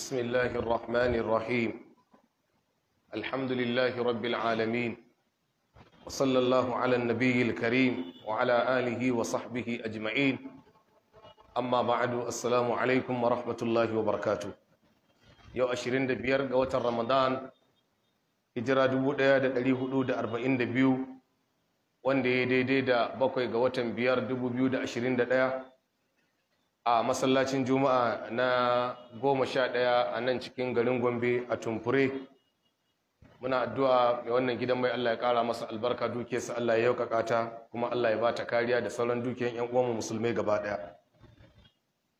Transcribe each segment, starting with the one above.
بسم الله الرحمن الرحيم الحمد لله رب العالمين وصلى الله على النبي الكريم وعلى آله وصحبه أجمعين أما بعد السلام عليكم ورحمة الله وبركاته يو أشرين دبير قوة رمضان hijira 1442 wanda ya daidai da bakwai ga watan 5 2021 a masallacin juma'a na goma sha ɗaya a nan cikin garin gombe a tumfure muna addu'a mai wannan gidan mai allah ya ƙara masa albarka dukiyarsa allah ya yaukaka ta kuma allah ya ba ta kariya da sauran dukiyar 'yan uwanmu musulmai gaba ɗaya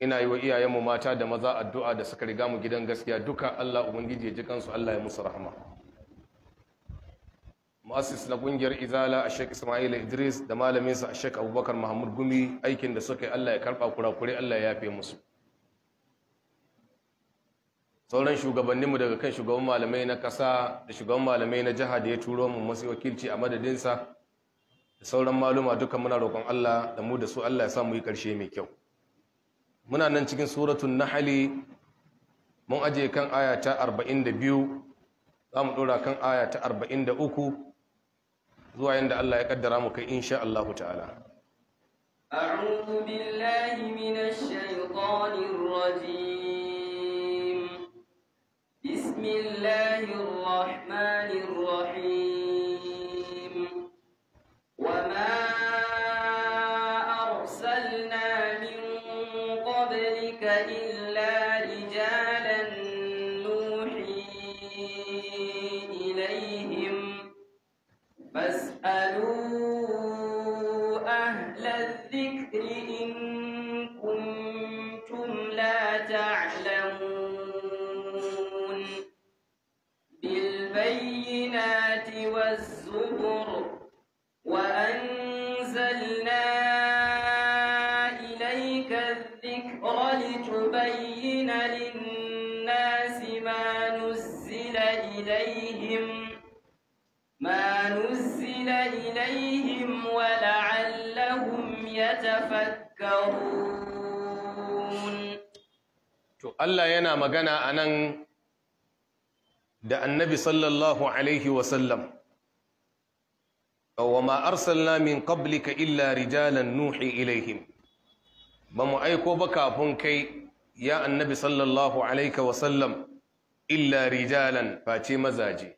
ina yi wa iyayenmu mata da maza addu'a da suka riga mu gidan gaskiya duka allah ubangiji ya ji kansu allah ya musu rahama mu'assis na kungiyar izala a shek ismaila idris da malaminsa a shek abubakar mahmud gumi aikin da suka yi allah ya karɓa kurakure allah ya yafe musu sauran shugabanninmu daga kan shugaban malamai na ƙasa da shugaban malamai na jiha da ya turo mu masu wakilci a madadinsa da sauran maluma duka muna roƙon allah da mu da su allah ya sa mu yi ƙarshe mai kyau muna nan cikin suratun na hali mun ajiye kan aya ta 42 za mu ɗora kan aya ta uku. zuwa inda Allah ya mu kai insha Allah ta'ala a'udhu billahi minash shaitanir rajim bismillahir rahmanir rahim Allah yana magana a nan da annabi sallallahu alaihi wasallam wa ma arsalna min qablika illa rijalan nuhi ilaihim ba mu aiko ba kafin kai ya annabi sallallahu alaihi wasallam illa rijalan face mazaje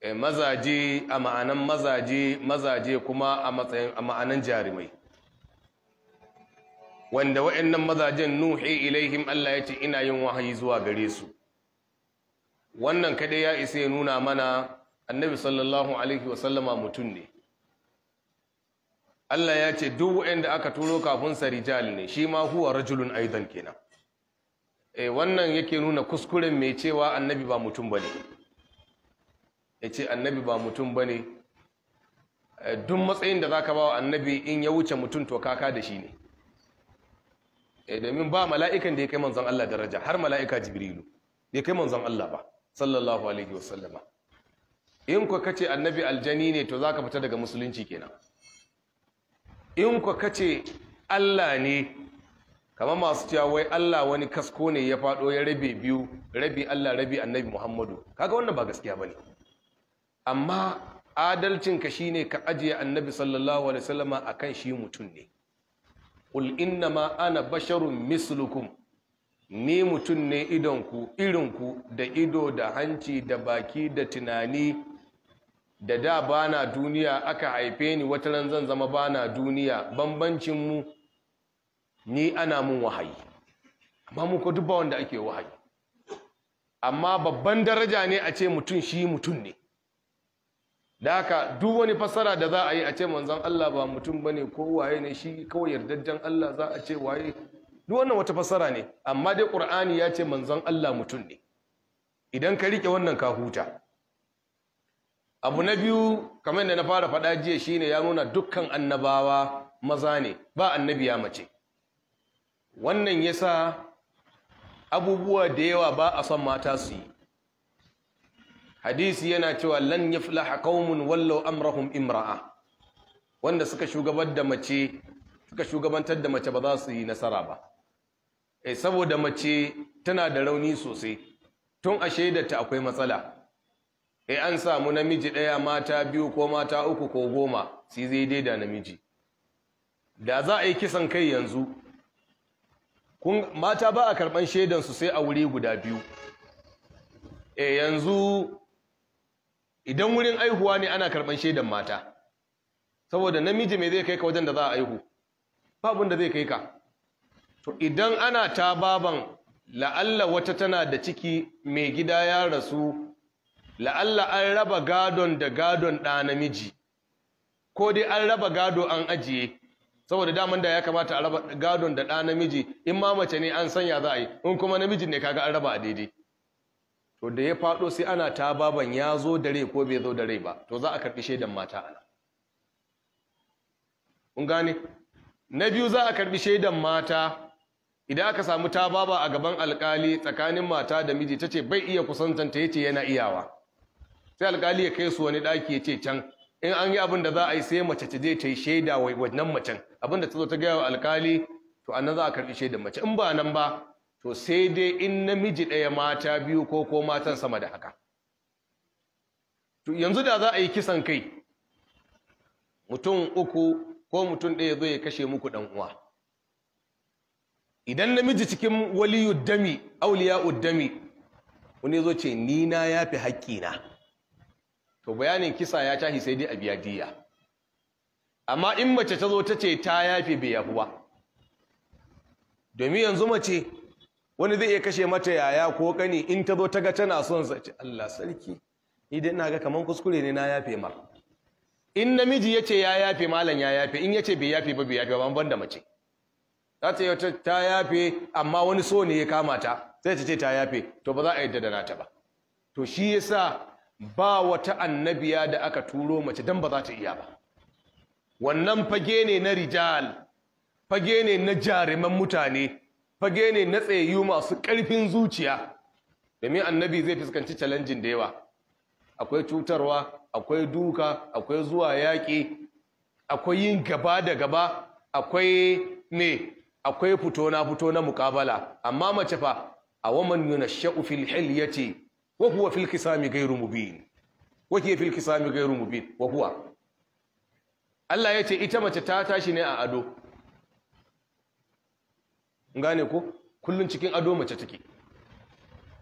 eh, mazaje a ma'anan mazaje mazaje kuma a ma'anan jarumai wanda waɗannan mazajen nuhi ilaihim Allah ya ce ina yin wahayi zuwa gare su wannan kadai ya isa ya nuna mana annabi sallallahu alaihi wasallama mutum ne Allah ya ce duk waɗanda aka turo kafin sa rijal ne shi ma huwa rajulun aidan kenan e wannan yake nuna kuskuren mai cewa annabi ba mutum bane yace annabi ba mutum bane eh, duk matsayin da zaka ba wa annabi in ya wuce mutum to kaka da shi ne Eh, domin ba mala'ikan da ya kai manzon Allah daraja har mala'ika jibrilu ya kai manzon Allah ba sallallahu alaihi wasallama in ku kace annabi aljani ne to za ka fita daga musulunci kenan in ku kace Allah ne kamar masu cewa wai Allah wani kasko ne ya faɗo ya rabe biyu rabi Allah rabi annabi Muhammadu kaga wannan ba gaskiya ba ne. amma adalcinka shi ne ka ajiye annabi sallallahu alaihi wasallama kan shi mutum ne ƙul inna ma ana basharun mislukum ni mutum ne idonku irinku da ido da hanci da baki da tunani da da bana duniya aka haife ni wata ran zan zama bana duniya bambancin mu ni ana mun wahayi amma mu ko duk wanda ake wahayi amma babban daraja ne a ce mutum shi mutum ne da haka duk wani fassara da za a yi a ce manzon Allah ba mutum ba ne, ko waye ne shi kawai yardajjen Allah za a ce waye duk wannan wata fassara ne amma dai Ƙur'ani ya ce manzon Allah mutum ne idan ka riƙe wannan ka huta abu na biyu kamar da na fara faɗa jiya shine ya nuna dukkan annabawa maza ne ba annabiya mace wannan ya sa abubuwa da yawa ba a son mata su yi hadisi yana cewa lan yaflaha qaumun wallau amrahum imra'a wanda suka shugabantar da mace ba za su yi nasara ba eh saboda mace tana da rauni sosai tun a ta akwai matsala eh an samu namiji daya mata biyu ko mata uku ko goma sai zai da namiji da za a yi kisan kai yanzu mata ba a karban shaidansu sai a wuri guda biyu e yanzu idan wurin aihuwa ne ana karɓar shaidan mata saboda namiji mai zai kai ka wajen da za a aihu babu da zai kai ka to idan ana ta baban la'alla wata tana da ciki mai gida ya rasu la'alla an raba gadon da gadon ɗa namiji ko dai an raba gado an ajiye saboda daman da ya kamata a raba gadon da ɗa namiji in ma mace ne an sanya za a yi in kuma namijin ne kaga an raba a daidai to da ya faɗo sai ana ta baban ya zo da rai ko bai zo da rai ba to za a karɓi shaidan mata ana kun gane na biyu za a karɓi shaidan mata idan aka samu ta baba a gaban alkali tsakanin mata da miji ta ce bai iya kusantanta ya ce yana iyawa sai alkali ya kai su wani ɗaki ya ce can in an yi abin da za a yi sai mace ta je ta yi shaida wannan macen abin da ta zo ta gaya wa alkali to nan za a karɓi shaidan mace in ba nan ba to sai dai in namiji ɗaya mata biyu ko ko matan sama da haka to yanzu da za a yi kisan kai mutum uku ko mutum ɗaya zai kashe muku ɗan uwa idan namiji cikin wali dami auliya uddami wani zo ce ni na yafi haƙƙina to bayanin kisa ya tashi sai dai a biya diya amma in mace ta zo ta ce ta yafi bai yafi ba domin yanzu mace wani zai iya kashe mata yaya ko kani in ta zo ta ga tana son sa ce Allah sarki idan na ga kaman kuskure ne na yafe mar in namiji yace ya yafe malam ya yafe in yace bai yafe ba bai yafe ba ban da mace za ta yi ta yafe amma wani so ne ya kama ta sai ta ce ta yafe to ba za a yadda da nata ba to shi yasa ba wata annabiya da aka turo mace dan ba za ta iya ba wannan fage ne na rijal fage ne na jaruman mutane fage ne na tsayayyu masu ƙarfin zuciya domin annabi zai fuskanci challenging da yawa akwai cutarwa akwai duka akwai zuwa yaƙi akwai yin gaba da gaba akwai ne akwai fito na fito na muƙabala amma mace fa a waman sha'u fil hilyati wa huwa fil kisami gairu mubin wa hiya fil kisami gairu mubin wa huwa Allah ya ce ita mace ta tashi ne a ado gane ko kullum cikin ado mace take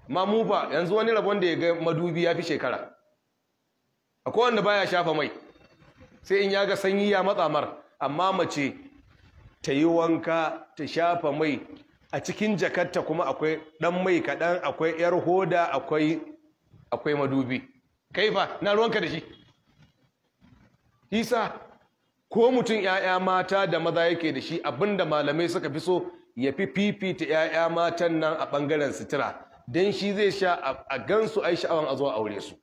ma mu ba yanzu wani rabon da ya ga madubi ya fi shekara akwai wanda baya shafa mai sai in ya ga sanyi ya matsamar amma mace ta yi wanka ta shafa mai a cikin jakarta kuma akwai dan mai kaɗan akwai yar hoda akwai akwai madubi kai fa na ruwanka da shi isa ko mutum 'ya'ya mata da maza yake da shi abinda malamai suka fi so ya fi fifita 'ya'ya matan nan a ɓangaren sitira, don shi zai sha a gansu ai sha'awan a zuwa aure su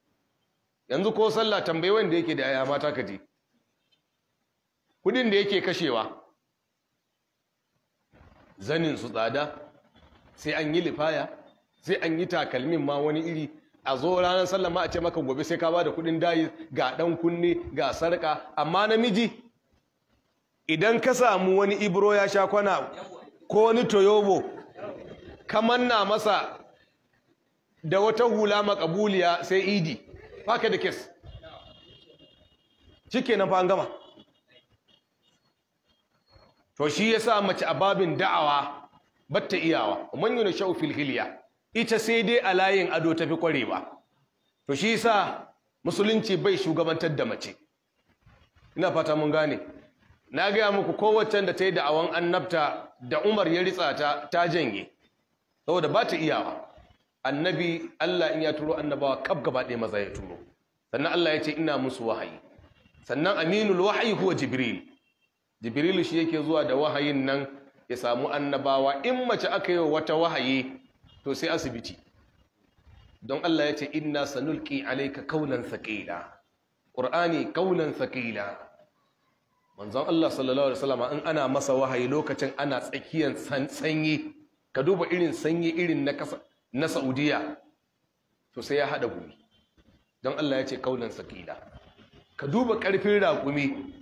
yanzu ko sallah tambayi wanda yake da 'ya'ya mata ka je kudin da yake kashewa zanin su tsada sai an yi lifaya sai an yi takalmin ma wani iri a zo ranar sallah ma a ce maka gobe sai ka ba da kudin dayi ga dan kunne ga sarka amma namiji idan ka samu wani ibro ya sha kwana ko wani toyobo kamar na masa da wata hula makabuliya sai idi baka da kes cike na bangama to shi ya sa mace a babin da'awa batta iyawa man na sha'u filhiliya ita sai dai a layin ado tafi kwarewa to shi sa musulunci bai shugabantar da mace ina fata mun gane na gaya muku kowacen da ta yi da'awan annabta da umar ya ritsa ta ta janye saboda ba ta iyawa annabi allah in ya turo annabawa kaf gaba ɗaya maza ya turo sannan allah ya ce ina musu wahayi sannan aminul wahayi kuwa jibril jibril shi yake zuwa da wahayin nan ya samu annabawa in mace aka yi wata wahayi to sai asibiti don allah ya ce ina sanulki alaika kaunan sakila, ƙur'ani kaunan sakila. manzan Allah sallallahu alaihi wasallama in ana masa wahayi lokacin ana tsakiyar sanyi ka duba irin sanyi irin na Saudiya to sai ya haɗa gumi don Allah ya ce kaunan sakila ka duba ƙarfin raƙumi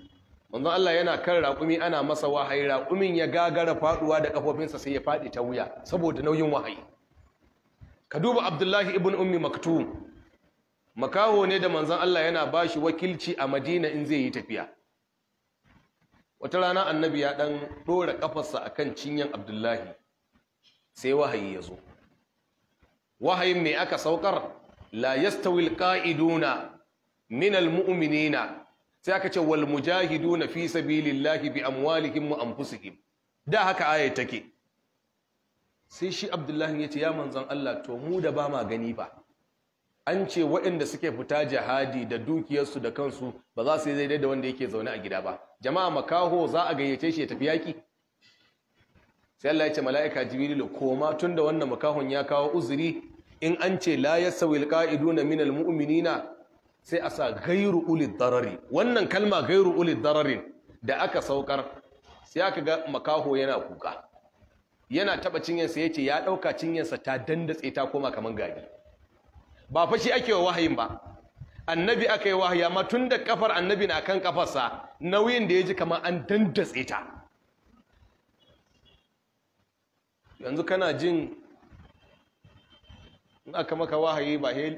manzan Allah yana kan raƙumi ana masa wahayi raƙumin ya gagara faɗuwa da kafofinsa sai ya faɗi ta wuya saboda nauyin wahayi ka duba Abdullahi ibn Ummi Maktum makaho ne da manzan Allah yana bashi wakilci a Madina in zai yi tafiya wata rana annabi ya ɗan dora ƙafarsa a kan cinyan abdullahi sai wahayi ya zo wahayin mai aka saukar la yastawil ƙa'iduna minal mu'minina sai aka ce wal mujahiduna fi sabilillahi bi amwalihim wa anfusihim da haka aya take sai shi abdullahi ya ce ya manzon Allah to mu da ba ma gani ba an ce waɗanda suke fita jihadi da dukiyarsu da kansu ba za su yi daidai da wanda yake zaune a gida ba jama'a makaho za a gayyace shi ya tafi yaki sai Allah ya ce mala'ika jibrilu koma tunda wannan makahon ya kawo uzuri in an ce la yasawi alqa'iduna minal mu'minina sai a sa gairu uli darari wannan kalma gairu uli dararin da aka saukar sai aka ga makaho yana kuka yana taba cinyarsa yace ya dauka cinyarsa ta dandatse ta koma kaman gari ba fashi shi ake wa wahayin ba annabi aka yi wahayi amma tun da kafar annabi na kan kafarsa nauyin da ya ji kamar an dandatse ta yanzu kana jin in aka maka wahayi ba hel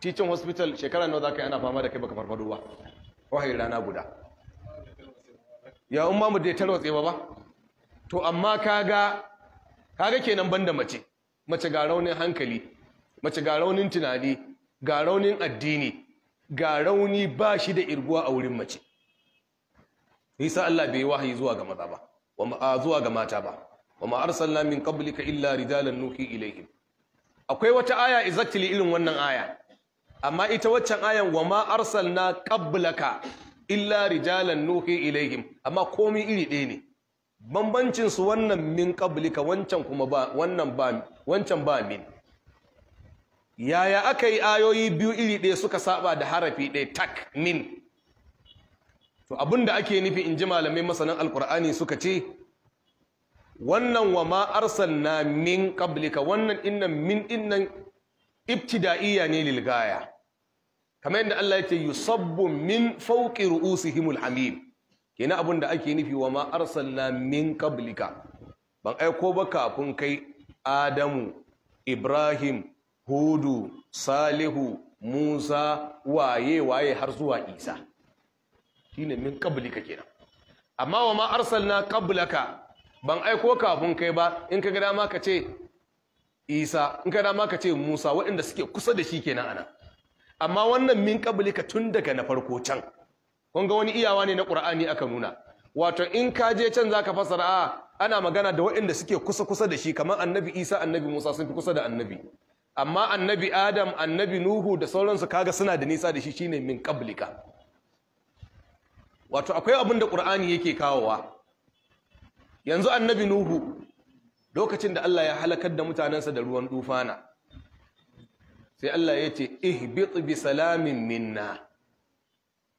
teaching hospital shekara nawa za ka yi ana fama da kai baka farfado ba wahayi rana guda ya umma mu da ya tarwatse ba ba to amma kaga kaga kenan banda mace mace ga raunin hankali mace ga raunin tunani ga raunin addini ga rauni ba shi da irguwa a wurin mace nisa Allah bai wahayi zuwa ga maza ba wa zuwa ga mata ba wa ma arsalna min qablika illa rijalan nuhi ilaihim akwai wata aya exactly irin wannan aya amma ita waccan ayan wa ma arsalna qablaka illa rijalan nuhi ilaihim amma komai iri ɗaya ne bambancin su wannan min qablika wancan kuma ba wannan ba wancan ba min yaya aka yi ayoyi biyu iri ɗaya suka saba da harafi ɗaya tak min to abinda ake nufi in ji malamai masanan alkur'ani suka ce wannan wa ma na min qablika wannan innan min innan ibtida'iyya ne lilgaya kamar yadda Allah yake yusabbu min fawqi himul hamim kenan da ake nufi wa ma arsalna min qablika ban aiko ba kafin kai Adamu Ibrahim hudu salihu musa waye waye har zuwa isa ne min qablika kenan amma wa ma arsalna qablaka ban aiko kafin kai ba in ka gada maka ka ce isa in ka gada ka ce musa waɗanda suke kusa da shi kenan ana amma wannan min qablika tun daga na farko can kun ga wani iyawa ne na qur'ani aka nuna wato in ka je can zaka fasara ana magana da waɗanda suke kusa kusa da shi kamar annabi isa annabi musa sun fi kusa da annabi amma annabi adam annabi nuhu da sauransu kaga suna da nisa da shi shine min qablika wato akwai abin da qur'ani yake kawowa yanzu annabi nuhu lokacin da Allah ya halakar da mutanensa da ruwan dufana sai Allah ya ce ihbit bi salamin minna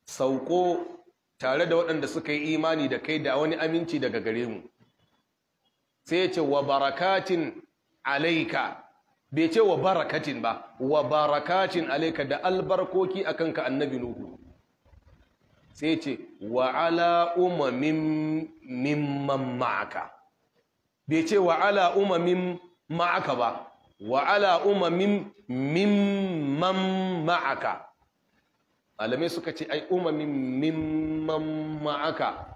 sauko tare da waɗanda suka yi imani da kai da wani aminci daga gare mu sai ya ce wa barakatin alaika bai ce wa barakacin ba wa barakacin alaika da albarkoki a kanka annabi nuhu sai ce wa ala umamin mimman ma'aka bai ce wa ala umamin ma'aka ba wa ala umamin mimman ma'aka alamai suka ce ai umamin mimman ma'aka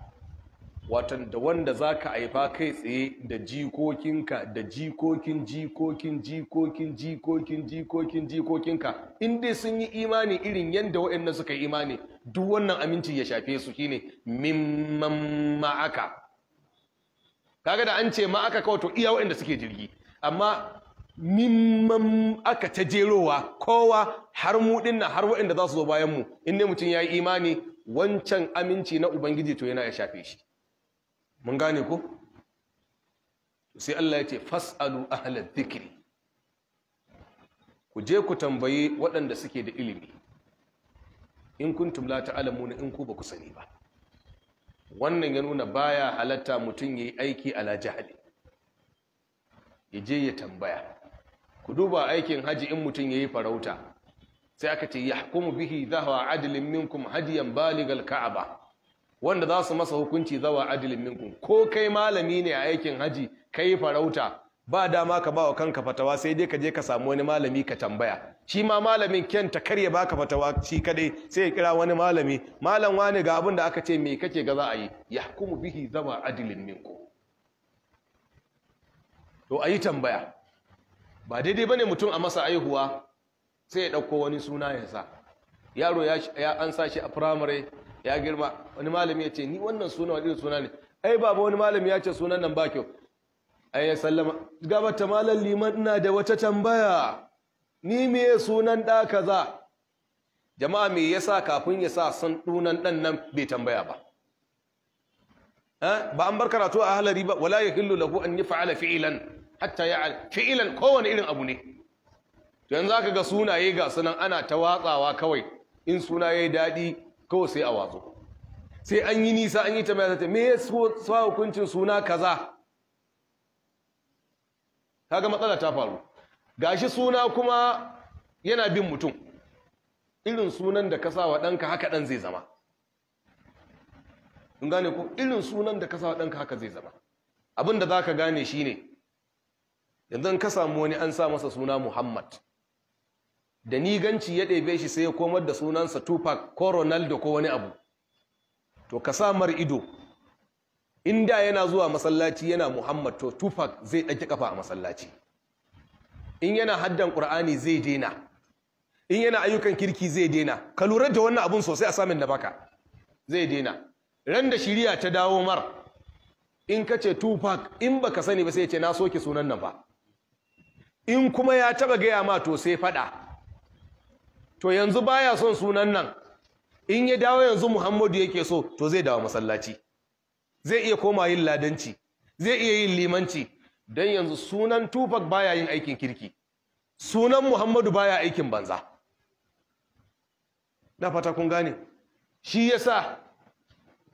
watan da wanda zaka ka haifa kai tsaye da jikokinka da jikokin jikokin jikokin jikokin jikokin jikokinka in dai sun yi imani irin yadda waɗannan suka yi imani duk wannan aminci ya shafe su shine mimman ma'aka kaga da an ce ma'aka kawai to iya waɗanda suke jirgi amma mimman aka ta jerowa kowa har mu dinnan har waɗanda za su zo bayan mu in mutum ya yi imani wancan aminci na ubangiji to yana ya shafe shi mun gane ko sai Allah ya ce fas'alu ahlal dhikri ku je ku tambayi waɗanda suke da ilimi in kuntum la ta'lamuna in ku ba ku sani ba wannan ya nuna baya halatta mutum yayi aiki ala jahali ya je ya tambaya ku duba aikin haji in mutum yayi farauta sai aka ce yahkumu bihi dhahwa adlin minkum hadiyan baligal ka'aba wanda za su masa hukunci zawa adilin minku. ko kai malami ne a aikin haji kai farauta ba dama ka ba wa kanka fatawa sai dai ka je ka samu wani malami ka tambaya shi ma malamin kyanta karya baka fatawa shi kadai sai ya kira wani malami malam wani ga abin da aka ce me kake ga za a yi yahkumu bihi zawa adilin minku. to ayi tambaya ba daidai ne mutum a masa aihuwa sai ya ɗauko wani suna ya yaro ya an sa shi a firamare. ya girma wani malami ya ce ni wannan suna wani suna ne ai baba wani malami ya ce sunan nan ba kyau ai ya sallama gabata malam liman ina da wata tambaya ni me sunan da kaza jama'a me yasa kafin ya sa san dunan dan nan bai tambaya ba ba an bar karatu a halari ba wala yahillu lahu an yaf'ala fi'lan hatta ya'al fi'lan kowane irin abu ne to yanzu aka ga sunaye ga sunan ana ta watsawa kawai in suna yayi dadi kawai sai a wazo sai an yi nisa an yi ta mai me ya sa hukuncin suna kaza kaga matsala ta faru gashi suna kuma yana bin mutum irin sunan da ka sa wa ɗanka haka ɗan zai zama in gane ku. irin sunan da ka sa wa ɗanka haka zai zama Abinda za ka gane shi ne yanzu ka samu wani an sa masa suna muhammad da ni ganci ya ɗebe shi sai ya komar da sunansa Tupac ko Ronaldo ko wani abu to ka samar ido inda yana zuwa masallaci yana Muhammad to Tupac zai ɗaki kafa a masallaci in yana haddan Kur'ani zai daina in yana ayyukan kirki zai daina ka lura da wannan abun sosai a samin da zai daina ran da shiriya ta dawo mar in ka ce Tupac in ba ka sani ba sai ya ce na soke sunan nan ba in kuma ya taba gaya ma to sai faɗa. to yanzu baya son sunan nan in ya dawo yanzu Muhammadu yake so to zai dawo masallaci zai iya koma yin ladanci zai iya yin limanci dan yanzu sunan Tufak baya yin aikin kirki sunan Muhammadu baya aikin banza na fata kun gane shi yasa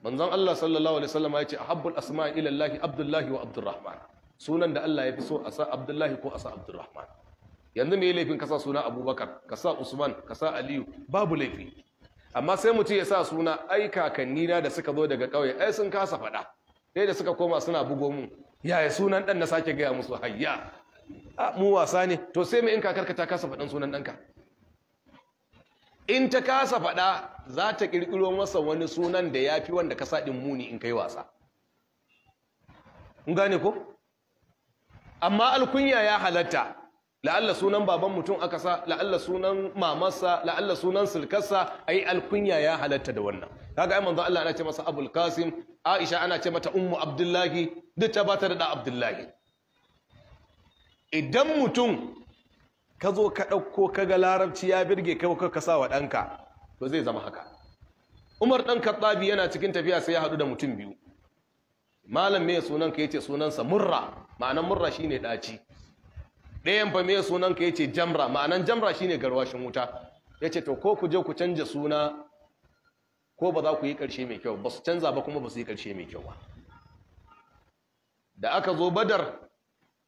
manzon Allah sallallahu alaihi wasallam ya ce ahabbul asma'i ila Allah Abdullahi wa Abdurrahman sunan da Allah ya fi so a sa Abdullahi ko a sa Abdurrahman yanzu mai laifin kasa suna abubakar kasa usman kasa aliyu babu laifi amma sai mutum ya sa suna ai kakannina da suka zo daga ƙauye ai sun kasa faɗa sai da suka koma suna bugo mu yaya sunan ɗan na sake gaya musu hayya mu wasa ne to sai mai in kakarka ta kasa faɗan sunan ɗanka in ta kasa faɗa za ta ƙirƙiro masa wani sunan da ya fi wanda ka sa ɗin muni in kai wasa kun gane ko amma alkunya ya halatta la'alla sunan baban mutum aka sa la'alla sunan mamarsa la'alla sunan sulkarsa ayi alkunya ya halatta da wannan kaga ai manzo Allah ana ce masa Abul Qasim Aisha ana ce mata Ummu Abdullahi duk ta bata da Abdullahi idan mutum ka zo ka dauko kaga larabci ya birge kai ko ka sa wa danka to zai zama haka Umar dan Khattabi yana cikin tafiya sai ya hadu da mutum biyu malam me sunan ka yace sunansa Murra ma'anan Murra shine daci ɗayan fa mai sunan ka ce jamra ma'anan jamra shine garwashin wuta yace to ko ku je ku canja suna ko ba za ku yi ƙarshe mai kyau ba su canza ba kuma ba su yi ƙarshe mai kyau ba da aka zo badar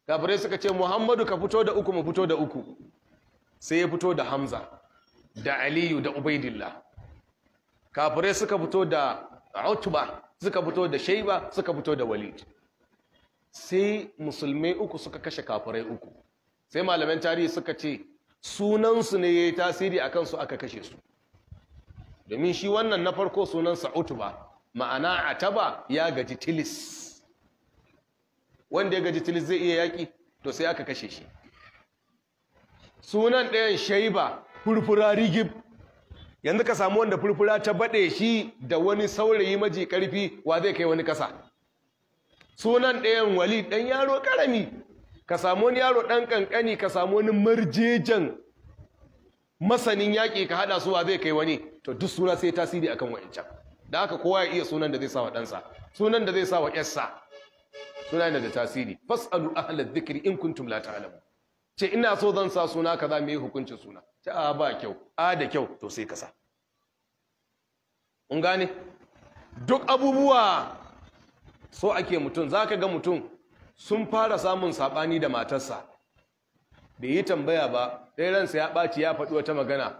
kafirai suka ce muhammadu ka fito da uku mu fito da uku sai ya fito da hamza da aliyu da ubaidillah kafirai suka fito da utba suka fito da shaiba suka fito da walid sai musulmai uku suka kashe kafirai uku sai malaman tarihi suka ce sunansu ne ya yi tasiri a kansu aka kashe su domin shi wannan na farko sunansa utuba ma'ana a ataba ya gaji tilis wanda ya gaji tilis zai iya yaƙi to sai aka kashe shi sunan ɗayan shaiba furfura rigib yanzu ka samu wanda furfura ta baɗe shi da wani saurayi maji ƙarfi wa zai kai wani ƙasa sunan ɗayan wali ɗan yaro ƙarami ka samu wani yaro ɗan ƙanƙani ka samu wani marjejan masanin yaƙi ka haɗa suwa zai kai wani to duk suna sai tasiri akan wa'ancan da haka kowa ya iya sunan da zai sa wa ɗansa sunan da zai sa wa ƴarsa suna yana da tasiri fasalu ahla dhikri in kuntum la ta'lamu ce ina so zan sa suna kaza me yi hukuncin suna ce a ba kyau a da kyau to sai ka sa in gane duk abubuwa so ake mutum za ka ga mutum sun fara samun saɓani da matarsa bai yi tambaya ba ɗaya ransa ya ɓaci ya faɗi wata magana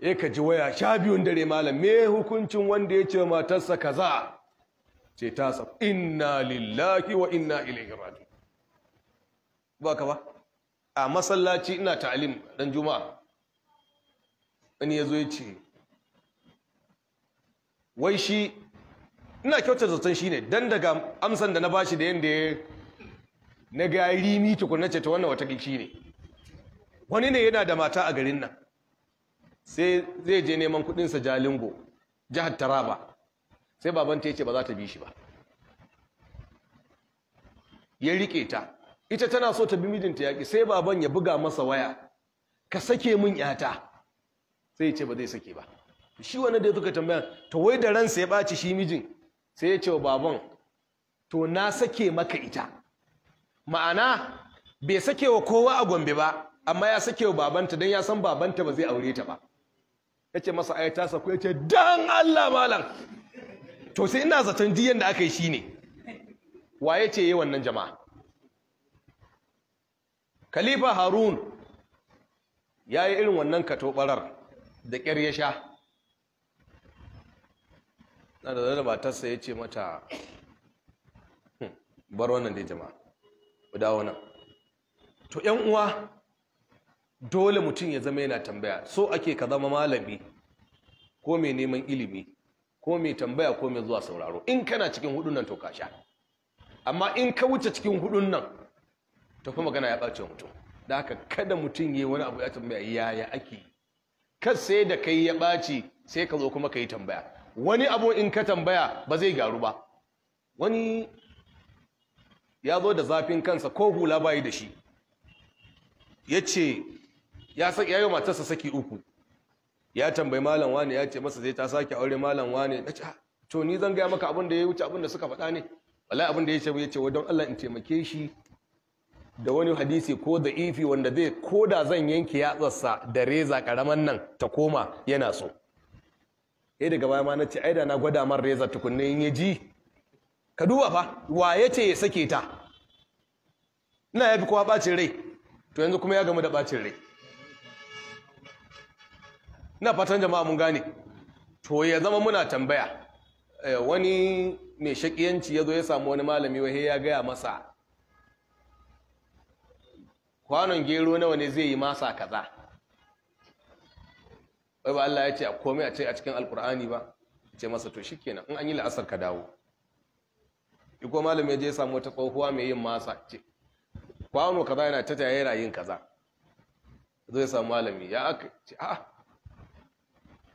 ya ka ji waya sha biyun dare malam me hukuncin wanda ya ce wa matarsa kaza ce ta sa inna lillahi wa inna ilaihi raji ba ka ba a masallaci ina ta'alim dan juma'a wani ya zo ya ce wai shi ina kyautar zaton shine dan daga amsan da na bashi da yanda ya na gari mi tukunna ce ta wannan wata ne wani ne yana da mata a garin nan sai zai je neman kudin sa jalingo jihar Taraba sai babanta ya ce ba za ta bi shi ba ya rike ta ita tana so ta bi mijinta yaƙi sai baban ya buga masa waya ka sake min yata sai ya ce ba zai sake ba shi wani da suka tambaya ta wai da ransa ya ɓaci shi mijin sai ya ce wa baban to na sake maka ita ma'ana bai sake wa kowa a gombe ba amma ya sake wa babanta don ya san babanta ba zai aure ta ba ya ce masa ai ta sako ya ce don Allah malam to sai ina zaton diyan da aka yi shi ne. Wa ya ce yi wannan jama'a khalifa harun ya yi irin wannan katobarar da ƙyar ya sha na da da matarsa ya ce mata hmm, bar wannan da jama'a ku dawo nan to yan uwa dole mutum ya zama yana tambaya so ake ka zama malami ko mai neman ilimi ko mai tambaya ko mai zuwa sauraro in kana cikin hudun nan to ka sha amma in ka wuce cikin hudun nan to magana ya ɓace mutum da haka kada mutum yi wani abu ya tambaya yaya ake kar sai da kai ya ɓace sai ka zo kuma ka yi tambaya wani abu in ka tambaya ba zai garu ba wani ya zo da zafin kansa ko hula bayi da shi ya ce ya yi matarsa saki uku ya tambayi malam wani ya ce masa zai ta sake aure malam wani ya ce ah, to ni zan gaya maka abin da ya wuce abin da suka faɗa ne wala abin da ya ce ya ce don Allah in taimake shi da wani hadisi ko da ifi wanda zai ko da zan yanke yatsarsa da reza karaman nan ta koma yana so sai eh, daga baya ma nace ai da na gwada man reza tukunne in yaji ka duba fa wa yace ya sake ta ina yafi kowa bacin rai to yanzu kuma ya gamu da bacin rai ina fatan jama'a mun gane to ya zama muna tambaya eh, wani mai shakiyanci ya zo ya samu wani malami wahe ya gaya masa kwanon gero nawa ne zai yi masa kaza wai ba Allah ya ce a komai a ce a cikin alkur'ani ba ce masa to shi kenan in an yi la'asar ka dawo iko malam ya je ya samu wata tsohuwa mai yin masa ce kwano kaza yana ta tayaye rayin kaza zai samu malami ya aka ce a ah.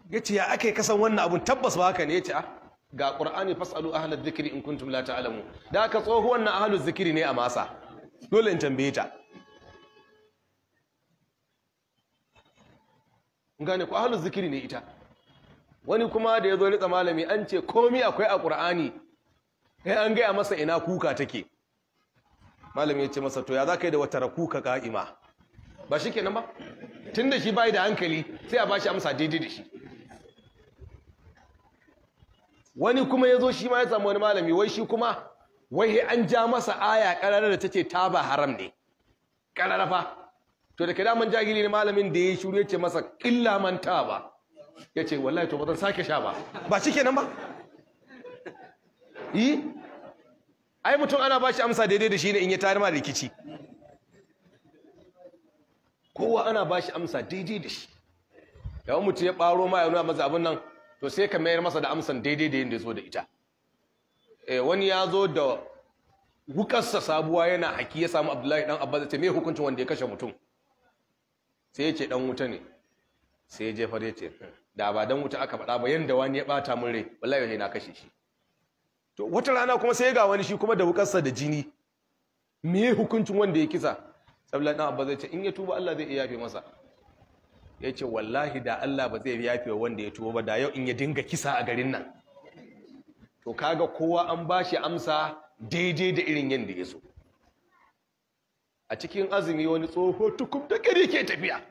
ya ce ya aka yi kasan wannan abun tabbas ba haka ne ya ce a ah, ga ƙur'ani fasalu ahalar zikiri in kuntum la ta'alamu da aka tsohuwan na ahalar zikiri ne a masa dole in tambaye ta gane ku ahlul zikiri ne ita wani kuma da ya zo ritsa malami an ce komi akwai a kur'ani? sai an gaya masa ina kuka take malami ya ce masa to ya za ka yi da wata kuka ka'ima ba shi nan ba tun da shi bai da hankali sai a ba shi amsa daidai da shi wani kuma ya zo shi ma ya samu wani malami wai shi kuma wai an ja masa aya karara da ta ce ta ba haram ne ƙararrafa to da kada man jahili ne malamin da ya shiru ya ce masa illa man ba. ya ce wallahi to ba zan sake sha ba ba shi kenan ba yi ai mutum ana ba shi amsa daidai da shi ne in ya tarima ma rikici kowa ana ba shi amsa daidai da shi yawan mutum ya ɓaro ma ya nuna masa abin nan to sai ka mayar masa da amsan daidai da yadda ya zo da ita eh, wani ya zo da wukarsa sabuwa yana haki ya samu abdullahi dan abbas ya ce me hukuncin wanda ya kashe mutum sai ya ce ɗan wuta ne sai ya jefar ya ce da ba ɗan wuta aka faɗa ba yanda wani ya ɓata min rai wallahi sai na kashe shi to wata rana kuma sai ga wani shi kuma da wukarsa da jini me hukuncin wanda ya kisa tsabla ɗan abba zai ce in ya tuba Allah zai iya yafe masa ya ce wallahi da Allah ba zai yafe wanda ya tuba ba da yau in ya dinga kisa a garin nan to kaga kowa an bashi amsa daidai da irin yadda ya so a cikin azumi wani tsoho tukum da kare ke tafiya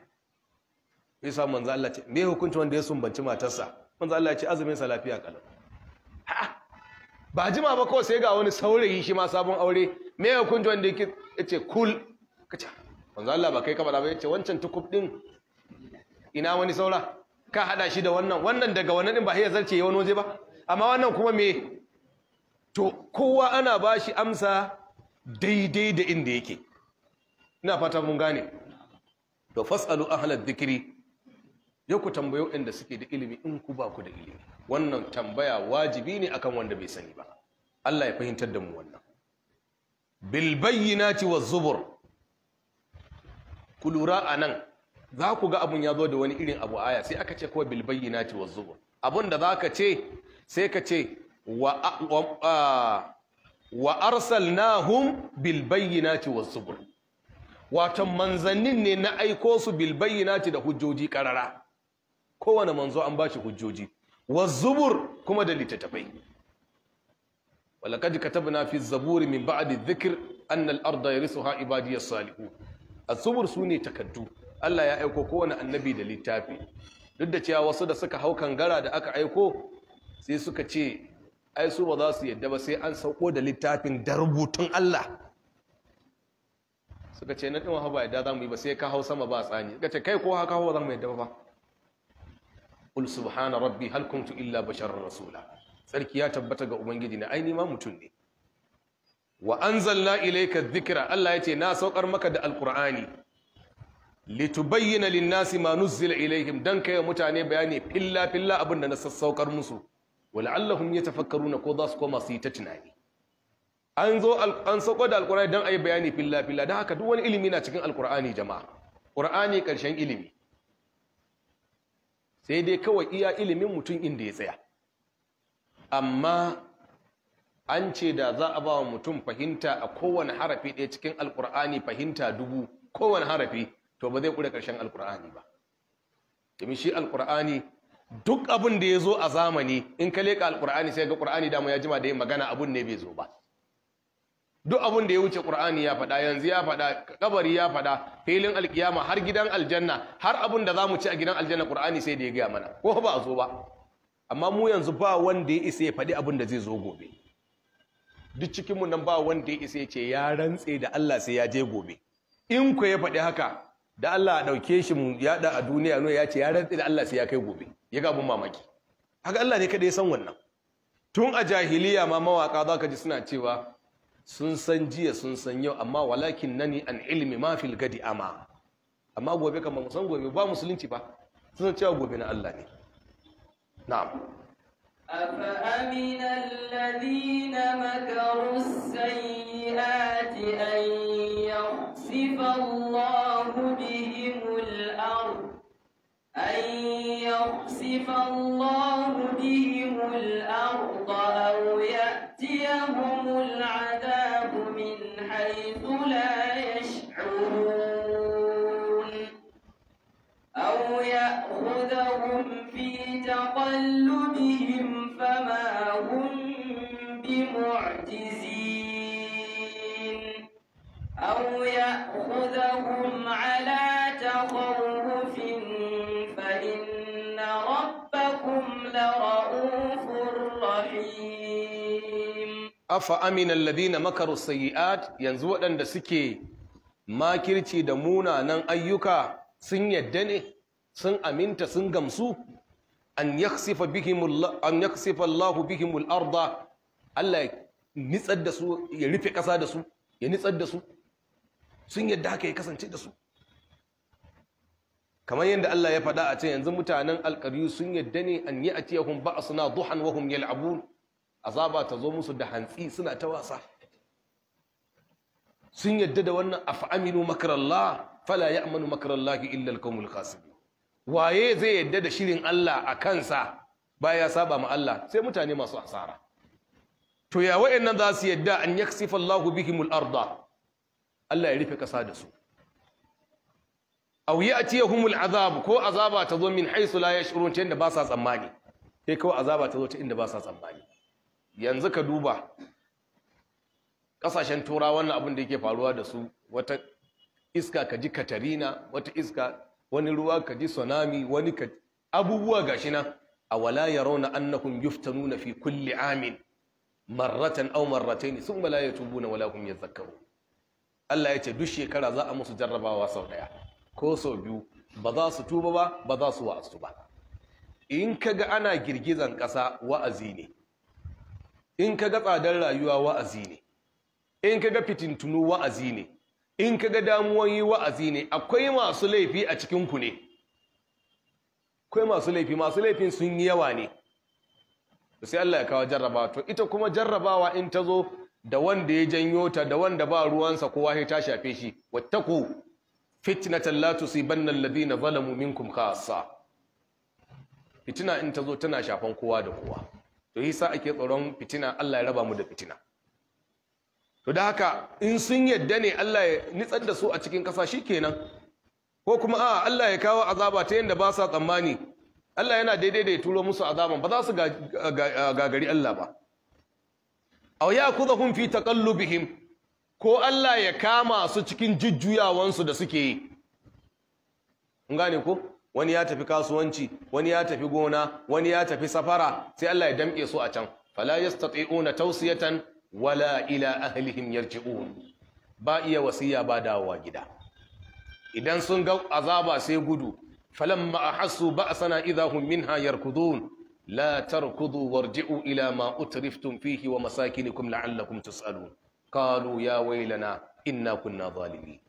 sai sa manzo Allah ce me hukunci wanda ya sumbanci matarsa manzo Allah ya ce azumin sa lafiya kalau ha ba jima ba ko sai ga wani saurayi shi ma sabon aure me hukunci wanda yake yace kul kace manzo Allah ba kai ka bada ba yace wancan tukum din ina wani saura ka hada shi da wannan wannan daga wannan din ba hayya zarce wani waje ba amma wannan kuma me to kowa ana bashi amsa daidai da inda yake ina fata mun gane to fasalu ahlad dhikri ya ku tambayo inda suke da ilimi in ku ba ku da ilimi wannan tambaya wajibi ne akan wanda bai sani ba Allah ya fahimtar da mu wannan bil bayyinati waz zubur ku lura anan za ku ga abun ya zo da wani irin abu aya sai aka ce kawai bil bayyinati waz zubur abun da zaka ce sai ka ce wa wa arsalnahum bil bayyinati waz zubur watan manzannin ne na aiko su bil bayyinati da hujjoji karara kowane manzo an ba shi hujjoji wazubur kuma da littattafai walaqad na fi zaburi min ba'di dhikr anna al-arda yarisuha ibadiyas salihun A zubur ne takaddu Allah ya aiko kowane annabi da littafi duk da cewa wasu da suka hau kangara da aka aiko sai suka ce ai su ba za su yadda ba sai an sauko da littafin da rubutun Allah suka ce na ɗinwa ba yadda za mu yi ba sai ka hau sama ba tsani suka ce kai ko haka hau za mu yadda ba Ul subhana rabbi hal kuntu illa basharar rasula tsarki ya tabbata ga ubangiji na aini ma mutum ne wa anzalna ilayka dhikra Allah yace na saukar maka da alqur'ani litubayyana lin-nasi ma nuzila ilayhim dan kai mutane bayani filla filla abinda na sassaukar musu wala'allahum yatafakkaruna ko za su koma su yi ta tunani an zo an sako da alkur'ani don a yi bayani filafila. fila don haka duk wani ilimi na cikin alkur'ani jama'a ƙur'ani ƙarshen ilimi sai dai kawai iya ilimin mutum inda ya tsaya amma an ce da za a ba wa mutum fahimta a kowane harafi ɗaya cikin alkur'ani fahimta dubu kowane harafi to ba zai ƙure ƙarshen alkur'ani ba domin shi alkur'ani duk abin da ya zo a zamani in ka leƙa alkur'ani sai ga ƙur'ani dama ya jima da yin magana abin ne bai zo ba duk abin da ya wuce qur'ani ya fada. yanzu ya faɗa kabari ya fada. filin alkiyama har gidan aljanna har abin da za mu ci a gidan aljanna qur'ani sai da ya gaya mana ko ba a zo ba amma mu yanzu ba wanda ya isa ya faɗi abin da zai zo gobe duk cikinmu nan ba wanda ya isa ya ce ya rantse da Allah sai ya je gobe in ku ya faɗi haka da Allah a ɗauke shi mu yaɗa a duniya no ya ce ya rantse da Allah sai ya kai gobe ya ga abin mamaki haka Allah ne kada ya san wannan tun a jahiliya ma mawaka za ka ji suna cewa sun san jiya sun san yau amma walakin nani an ilimi ma fil gadi ama amma gobe kan ba san gobe ba musulunci ba sun cewa gobe na Allah ne na'am afa amina alladhina makaru sayyiati an yasifa Allahu bihimul ard an yasifa Allahu bihimul ard aw ya يأتيهم العذاب من حيث لا يشعرون أو يأخذهم في تقلبهم فما هم بمعجزين أو يأخذهم على تخوف afa aminal ladina makaru sayiat yanzu waɗanda suke makirci da munanan ayyuka sun yadda ne sun aminta sun gamsu an yaksifa bihimul an yaksifa Allahu bihimul arda Allah ya nitsar da su ya rufe ƙasa da su ya nitsar da su sun yadda haka ya kasance da su kamar yadda Allah ya faɗa a ce yanzu mutanen alƙaryu sun yadda ne an yi a tiyahun ba a suna duhan wahum yal'abun azaba ta zo musu da hantsi suna ta wasa sun yadda da wannan af'aminu makarallah fala ya'manu makarallahi illa al khasibin waye zai yadda da shirin Allah a kansa baya saba ma Allah sai mutane masu asara to ya wayannan za su yadda an yaksifa Allahu bihimul arda Allah ya rufe kasa da su aw ya'tiyahumul azab ko azaba ta zo min haythu la yash'urun ta ba sa tsammani sai ko azaba ta zo ta inda ba sa tsammani yanzu ka duba ƙasashen tura wannan abin da yake faruwa da su wata iska ka ji katarina wata iska wani ruwa ka ji tsunami wani ka abubuwa gashi na, a wala yarawna ta yuftanuna fi kulli amin marratan aw marratayn thumma la yatubuna wala hum yadhakkarun Allah ya ce duk shekara za a musu jarrabawa sau daya ko sau biyu ba za su tuba ba ba za su wa'azu ba in kaga ana girgizan ƙasa wa'azi ne in ka ga tsadar rayuwa wa'azi ne in ka ga fitintunu wa'azi ne in ka ga damuwan yi wa'azi ne akwai masu laifi a cikinku ne akwai masu laifi masu laifin sun yi yawa ne sai Allah ya kawo jarraba to ita kuma jarrabawa in ta zo da wanda ya janyo ta da wanda ba ruwansa kowa ya ta shafe shi wattaku fitnatan la tusibanna alladhina zalamu minkum khassa fitina in ta zo tana shafan kowa da kowa to sa ake tsoron fitina Allah ya raba mu da fitina to da haka in sun yadda ne Allah ya nitsar da su a cikin kasa kenan. ko kuma a Allah ya kawo azaba ta yadda ba sa tsammani Allah yana daidai da ya turo musu azaban ba za su ah, gagari Allah ba aw fita fi taqallubihim ko Allah ya kama su cikin jujjuyawansu da suke yi ko wani ya tafi kasuwanci wani ya tafi gona wani ya tafi safara sai Allah ya damƙe su a can fala yastati'una tawsiyatan wala ila ahlihim yarji'un ba iya wasiya ba dawowa gida idan sun ga azaba sai gudu falamma ahassu ba'sana idahum minha yarkudun la tarkudu warji'u ila ma utriftum fihi wa masakinikum la'allakum tus'alun qalu ya waylana inna kunna zalimin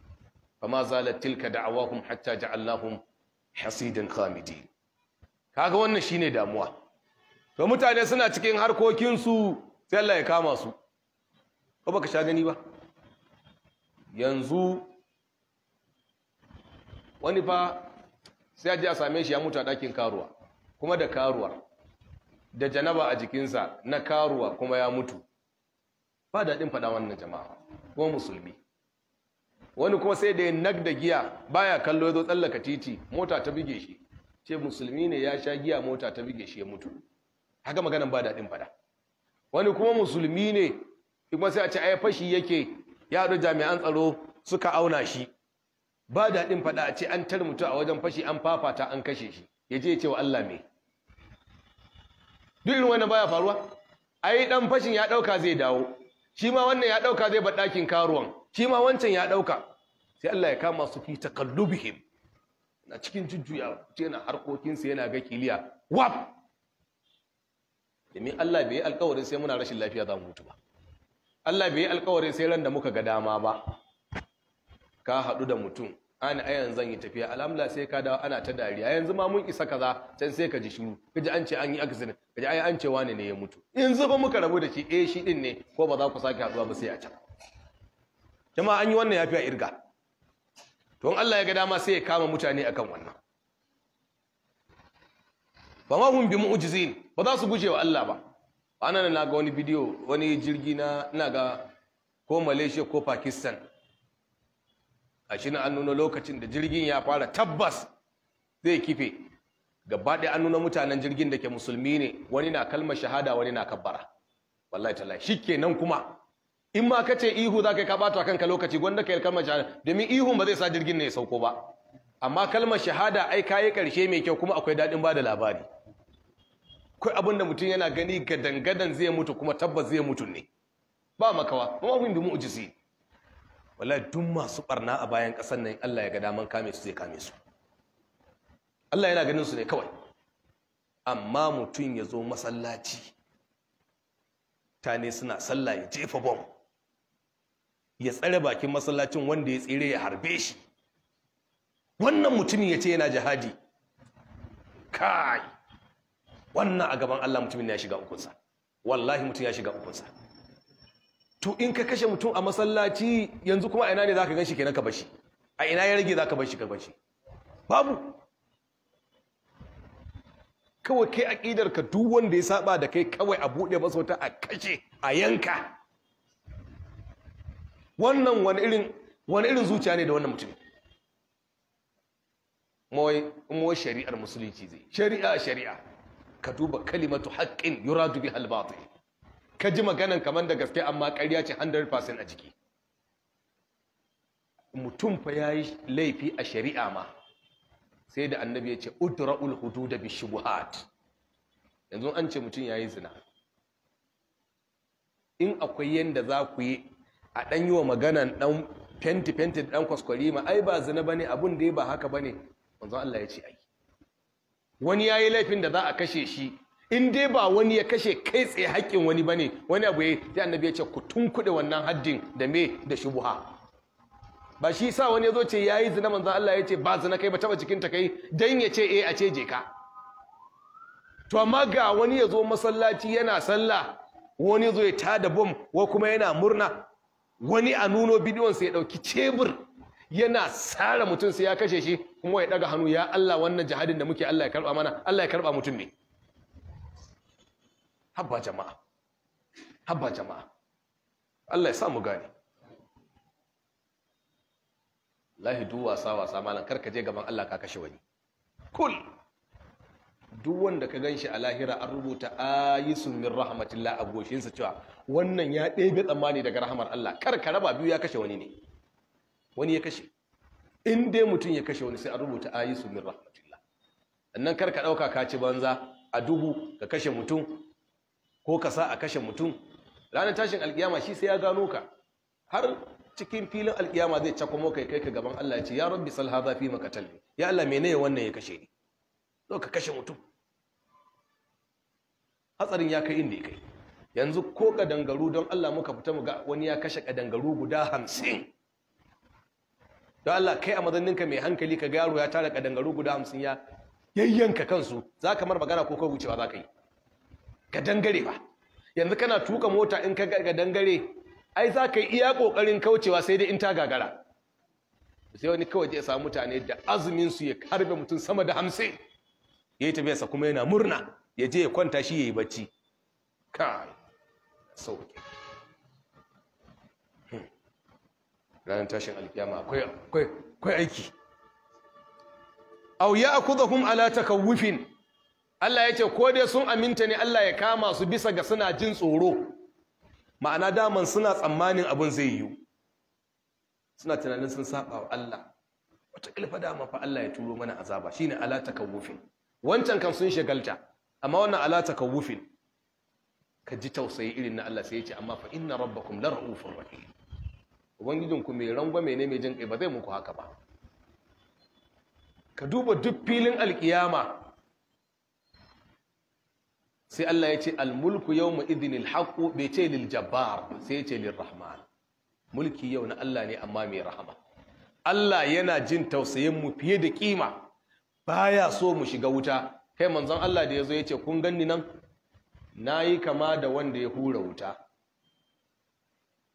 fama zalat tilka da'awahum hatta ja'alnahum hasidin khamidi kaga wannan shine damuwa to mutane suna cikin harkokinsu. su sai Allah ya kama su ko baka sha gani ba yanzu wani fa sai aje a same shi ya mutu a dakin karuwa kuma da karuwa, da janaba a jikinsa na karuwa kuma ya mutu ba daɗin faɗa wannan jama'a ko musulmi wani kuma sai da ya da giya baya kallo ya zo tsallaka titi mota ta bige shi ce musulmi ne ya sha giya mota ta bige shi ya mutu haka maganan ba daɗin fada wani kuma musulmi ne kuma sai a ce a fashi yake ya haɗu jami'an tsaro suka auna shi ba daɗin fada a ce an tar mutu a wajen fashi an fafata an kashe shi ya je ya ce wa Allah me duk irin wannan baya faruwa ai dan fashin ya ɗauka zai dawo shi ma wannan ya ɗauka zai bar ɗakin karuwan shi ma wancan ya ɗauka sai Allah ya kama su fi takallubihim na cikin jujjuya na harkokinsa yana ga kiliya wap domin Allah bai yi alkawarin sai muna rashin lafiya za mu mutu ba Allah bai yi alkawarin sai ran da muka ga dama ba ka haɗu da mutum ana ayan zan yi tafiya alhamdulillah sai ka dawo ana ta dariya yanzu ma mun isa kaza can sai ka ji shiru ka ji an ce an yi accident ka ji ai an ce wani ne ya mutu yanzu ba muka rabu da shi eh shi din ne ko ba za ku sake haɗuwa ba sai a can jama'a an yi wannan yafi a irga to Allah ya ga dama sai ya kama mutane akan wannan ba ma hum bi mu'jizin ba za su guje wa Allah ba ana na ga wani bidiyo wani jirgi na ina ga ko Malaysia ko Pakistan a shi na an nuna lokacin da jirgin ya fara tabbas zai kife gaba ɗaya an nuna mutanen jirgin da ke musulmi ne wani na kalmar shahada wani na kabbara wallahi tallahi shikenan kuma in ma ka ce ihu za ka ka bata kanka lokaci gwanda ka yi kalmar shahada domin ihun ba zai sa jirgin ne ya sauko ba amma kalmar shahada ai kayi karshe mai kyau kuma akwai daɗin ba da labari kai abin da mutum yana gani gadangadan zai mutu kuma tabbas zai mutu ne ba makawa kuma abin bi mu'jizi wallahi duk masu barna a bayan ƙasar nan Allah ya ga daman kame su zai kame su Allah yana ganin su ne kawai amma mutum ya zo masallaci tane suna sallah ya jefa bomb ya tsare bakin masallacin wanda ya tsire ya harbe shi wannan mutumin ya ce yana jihadi kai wannan a gaban Allah mutumin ya shiga ukunsa wallahi mutum ya shiga ukunsa to in ka kashe mutum a masallaci yanzu kuma a ina ne zaka ganshi kenan ka bashi a ina ya rage ka bashi ka bashi babu kawai kai aƙidar ka duk wanda ya saba da kai kawai a buɗe masa wata a kashe a yanka wannan wani irin zuciya ne da wannan mutum mawai shari'ar musulunci zai shari'a shari'a ka duba kalimatu haƙƙin yura dubi halbata ka ji maganan kamar da gaske amma ƙarya ce 100% a jiki mutum fa ya yi laifi a shari'a ma sai da annabi ya ce udra'ul da bishi shubuhat yanzu an ce mutum ya yi zina in akwai yadda za ku yi a ɗan yi wa maganan ɗan fenti-fenti ɗan kwaskwari ma ai ba zina ba ne abin da ya ba haka ba ne wanzan Allah ya ce ai wani ya yi laifin da za a kashe shi in dai ba wani ya kashe kai tsaye haƙƙin wani ba ne wani abu ya yi annabi ya ce ku tunkuɗe wannan haddin da me da shubuha ba shi sa wani ya zo ce ya yi zina manzan Allah ya ce ba zina kai ba taɓa cikin ta kai Dan ya ce eh a ce je ka to amma ga wani ya zo masallaci yana sallah wani ya zo ya tada bom wa kuma yana murna wani a nuno bidiyon sai ya dauki cebur yana sara mutum sai ya kashe shi kuma ya daga hannu ya Allah wannan jihadin da muke Allah ya karba mana Allah ya karba mutum ne habba jama'a habba jama'a Allah ya sa mu gane lahi duwa wasa sa malan karka je gaban Allah ka kashe wani kul duk wanda ka gan shi a lahira an rubuta ayisun min rahmatillah a goshinsa cewa wannan ya ɗebe tsammani daga rahamar Allah kar ka raba biyu ya kashe wani ne wani ya kashe in dai mutum ya kashe wani sai an rubuta ayisun min rahmatillah annan kar ka ɗauka ka ci banza a dubu ka kashe mutum ko ka sa a kashe mutum ranar tashin alkiyama shi sai ya gano ka har cikin filin alkiyama zai cakwamo kai kai ka gaban Allah ya ce ya rabbi salha za fi talle. ya Allah menene wannan ya kashe ni zo ka kashe mutum hatsarin ya kai inda ya kai yanzu ko kadangaru don Allah muka fita mu ga wani ya kashe kadangaru guda hamsin don Allah kai a mazaninka mai hankali ka garo ya tara kadangaru guda hamsin ya yayyanka kansu za ka mar magana ko kai wucewa za ka yi ka dangare ba yanzu kana tuka mota in ka ga dangare ai za ka yi iya kokarin kaucewa sai dai in ta gagara sai wani kawai ya samu mutane da azumin su ya harbe mutum sama da hamsin ya yi tafiyarsa kuma yana murna ya je ya kwanta shi ya yi bacci kai sauke hmm. ranar tashin alkiyama akwai aiki au ya akudahum ala takawufin Allah ya ce ko dai sun aminta ne Allah ya kama su bisa ga suna jin tsoro ma'ana daman suna tsammanin abin zai yiwu suna tunanin sun saba wa Allah wata ilfa dama fa Allah ya turo mana azaba shine ala takawufin wancan kan sun shagalta amma wannan ala wufin. ka ji tausayi irin na Allah sai ya ce amma fa inna rabbakum la ra'ufur rahim ku mai rangwame ne mai jin kai ba zai muku haka ba ka duba duk filin alkiyama sai Allah ya ce almulku yawma idhinil haqqu bai ce lil jabbar sai ya ce lir rahman mulki yau na Allah ne amma mai rahama Allah yana jin tausayin mu fiye da kima baya so mu shiga wuta kai manzon Allah da ya zo ya ce, kun ganni nan Na yi kama da wanda ya hura wuta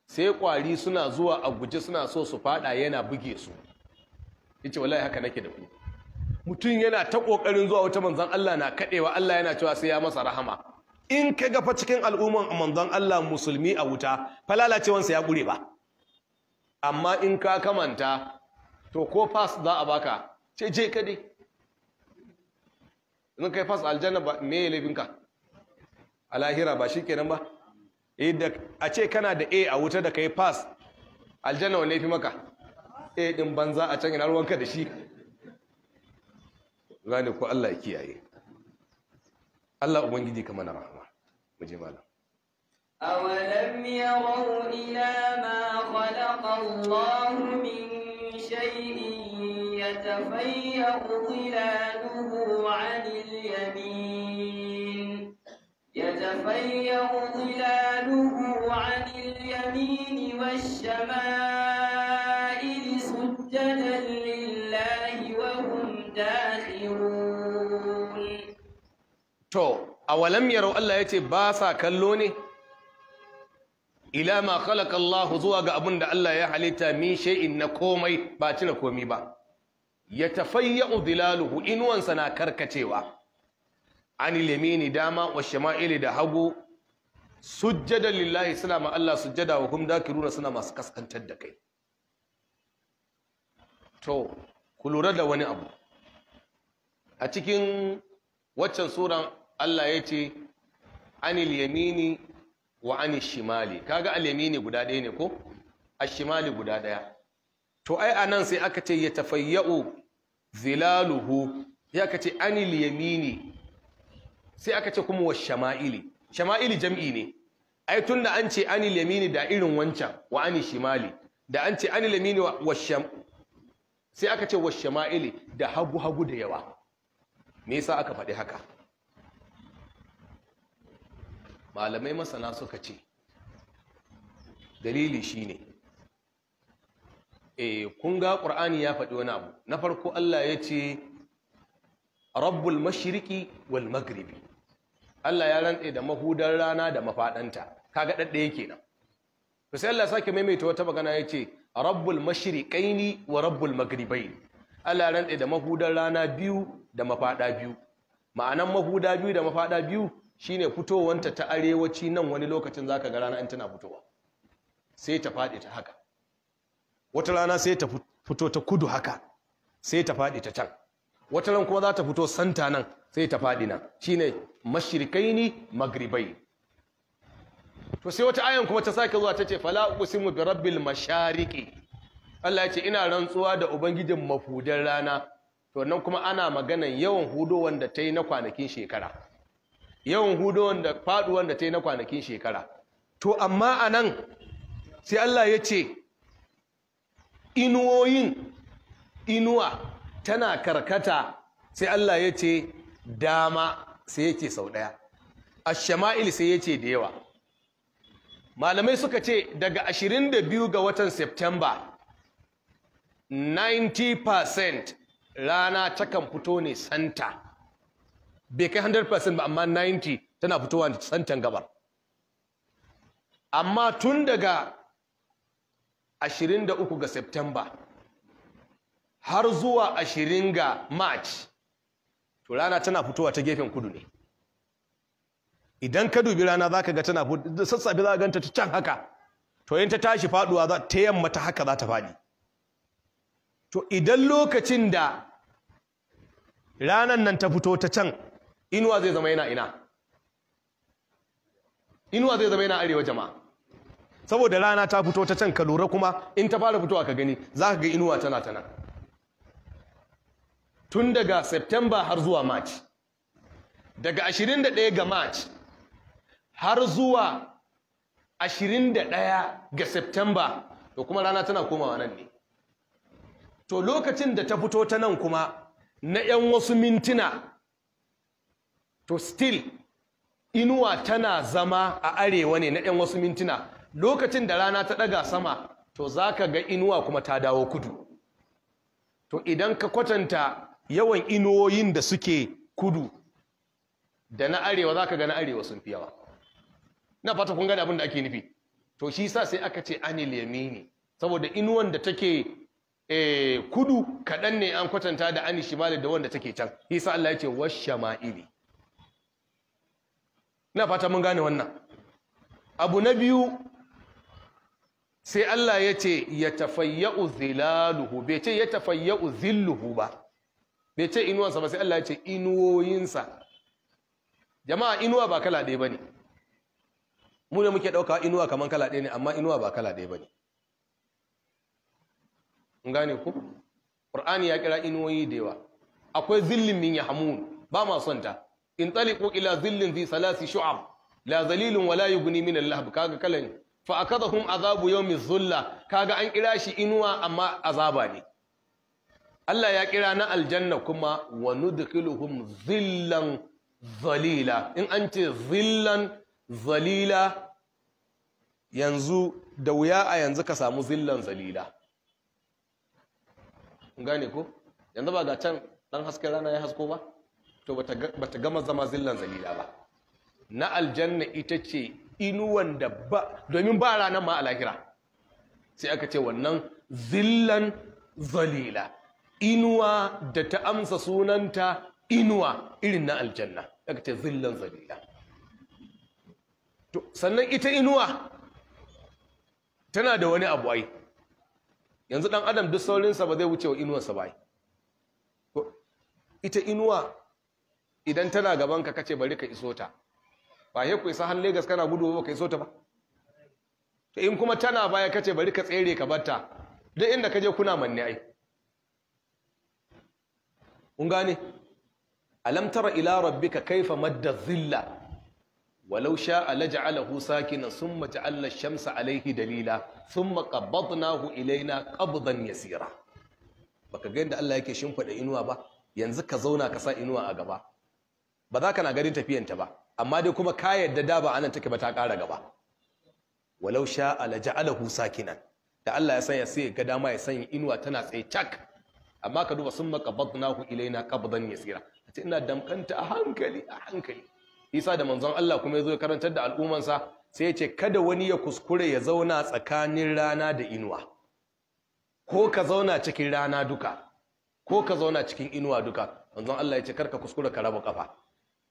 sai kwari suna zuwa a guje suna so su fada yana buge su Ya ce wallahi haka nake da ku mutum yana ta kokarin zuwa wata manzon Allah na kaɗewa Allah yana cewa sai ya masa rahama in ka gafa cikin al'umman manzon Allah musulmi a wuta falalacewansa ya gure ba amma in ka kamanta to ko fas za a baka ce je ka in kai fas aljanna ba me ya laifinka a lahira ba shi kenan ba eh, a ce kana da a a wuta da kai fas aljanna wa laifi maka a din banza a can ina ruwanka da shi gane ku Allah ya kiyaye Allah ubangiji kama na rahama mu je malam أولم يروا إلى ما خلق الله من شيء يتفيأ ظلاله عن اليمين يتفيأ ظلاله عن اليمين والشمائل سجدا لله وهم تو أولم يروا الله يتي باسا كلوني ila ma khalaqa zuwa ga abin da Allah ya halitta min shay'in na komai ba tuna komai ba ya tafayya udilaluhu inuwansa na karkacewa an ni dama wa shama'ili da hagu sujjada lillahi suna ma Allah sujjada wa kuma daki dakiruna suna masu kaskantar da kai to ku lura da wani abu a cikin waccan suran Allah ya ce ilimi ni wa an shimali kaga al ni guda ɗaya ne ko A shimali guda ɗaya to ai anan sai aka ce ya tafayya'u zilaluhu ya aka ce anil yamini sai aka ce kuma wa shama'ili shama'ili jam'i ne ai tunda an ce anil yamini da irin wancan wa ani shimali da an ce anil yamini wa sham sai aka ce wa shama'ili da hagu hagu da yawa me yasa aka faɗi haka malamai masana suka ce dalili shine eh kun ga ƙur'ani ya faɗi wani abu na farko Allah ya ce rabbul mashiriki wal magribi Allah ya rantse da mahudar rana da mafadanta kaga ɗaɗɗe yake nan to sai Allah sake maimaita wata magana ya ce rabbul mashirikaini wa rabbul maghribaini Allah ya rantse da mahudar rana biyu da mafaɗa biyu ma'anan mahuda biyu da mafaɗa biyu shine fitowanta ta arewaci nan wani lokacin zaka ga rana in tana fitowa sai ta faɗi ta haka wata rana sai ta fito ta kudu haka sai ta faɗi ta can wata ran kuma za ta fito santa nan sai ta faɗi nan shine mashirkaini magribai to sai wata ayan kuma ta sake zuwa ta ce fala usimu bi rabbil mashariqi Allah ya ce ina rantsuwa da ubangijin mafudan rana to nan kuma ana maganan yawan hudo wanda ta na kwanakin shekara yawan hudo wanda faduwan da ta na kwanakin shekara to amma anan sai Allah ya ce inuwoyin inuwa tana karkata sai Allah ya ce dama sai yake sau ɗaya ashama'il sai ya ce da yawa malamai suka ce daga 22 ga watan septemba 90% rana takan fito ne santa bai kai 100% ba amma 90 tana fitowa santan gabar amma tun daga 23 ga September har zuwa 20 ga March to rana tana fitowa ta gefen kudu ne idan ka dubi rana zaka ga tana sassafe za ganta ta can haka to in ta tashi faduwa za ta yamma ta haka za ta fadi to idan lokacin da ranan nan ta fito ta can inuwa zai zama yana ina inuwa zai zama yana arewa jama'a saboda rana ta fito ta can ka lura kuma in ta fara fitowa ka gani za ka ga inuwa tana tana tun daga september har zuwa march daga 21 ga march har zuwa 21 ga september to kuma rana tana komawa nan ne to lokacin da ta fito ta nan kuma na 'yan wasu mintuna to still inuwa tana zama a arewa ne na 'yan wasu mintuna lokacin da rana ta ɗaga sama to za ka ga inuwa kuma ta dawo kudu to idan ka kwatanta yawan inuwoyin da suke kudu da na arewa za ka ga na arewa sun fi yawa na fata kun gane abin da ake nufi to shi sa sai aka ce anil yamini saboda inuwan da take eh, kudu kaɗan ne an kwatanta da anil shimali da wanda take can shi sa Allah ya ce washama'ili na fata mun gane wannan abu na biyu sai Allah ya ce ya tafayya'u zilaluhu bai ce ya tafayya'u zilluhu ba bai ce inuwansa ba sai Allah ya ce inuwoyinsa jama'a inuwa ba kala ɗaya ne mu ne muke ɗauka inuwa kaman kala ɗaya ne amma inuwa ba kala ɗaya ne in gane ku Qur'ani ya kira inuwoyi da yawa akwai zillin min yahmun ba ma son ta in ko ila zillin zi salasi shu'ab la zalilun wala yughni min al-lahb kaga kalan fa akadahum azabu yawmi dhulla kaga an kira shi inuwa amma azaba ne Allah ya kira na aljanna kuma wa nudkhiluhum dhillan zalila in an ce zillan zalila yanzu da wuya a yanzu ka samu zillan zalila gane ko yanzu ba ga can dan hasken rana ya hasko ba to bata gama zama zillan zalila ba na aljanna ita ce inuwan da ba domin ba ranar ma a lahira sai aka ce wannan zillan zalila inuwa da ta amsa sunanta inuwa irin na aljanna aka ce zillan zalila sannan ita inuwa tana da wani abu ai yanzu dan adam duk saurinsa ba zai wuce wa inuwarsa ba ita inuwa idan tana gabanka kace bari ka iso ta ba ya ku isa har Lagos kana gudu ba kai so ta ba to in kuma tana baya kace bari ka tsere ka batta duk inda kaje kuna manne ai kun gane alam tara ila rabbika kaifa madda dhilla walau sha'a laj'alahu sakinan thumma ja'alna ash-shamsa alayhi dalila thumma qabadnahu ilayna qabdan yasira baka ga yadda Allah yake shimfada inuwa ba yanzu ka zauna ka sa inuwa a gaba ba za ka na garin tafiyanta ba amma dai kuma ka yadda da ba anan take ba ta kara gaba walau sha ala ja'alahu sakinan da Allah ya sanya sai ga dama ya sanya inuwa tana tsaye cak amma ka duba summa qabadnahu ilaina qabdan yasira ce ina damkanta a hankali a hankali isa da manzon Allah kuma yazo ya karantar da sa, sai ya ce kada wani ya kuskure ya zauna tsakanin rana da inuwa ko ka zauna cikin rana duka ko ka zauna cikin inuwa duka manzon Allah ya ce karka kuskura ka raba kafa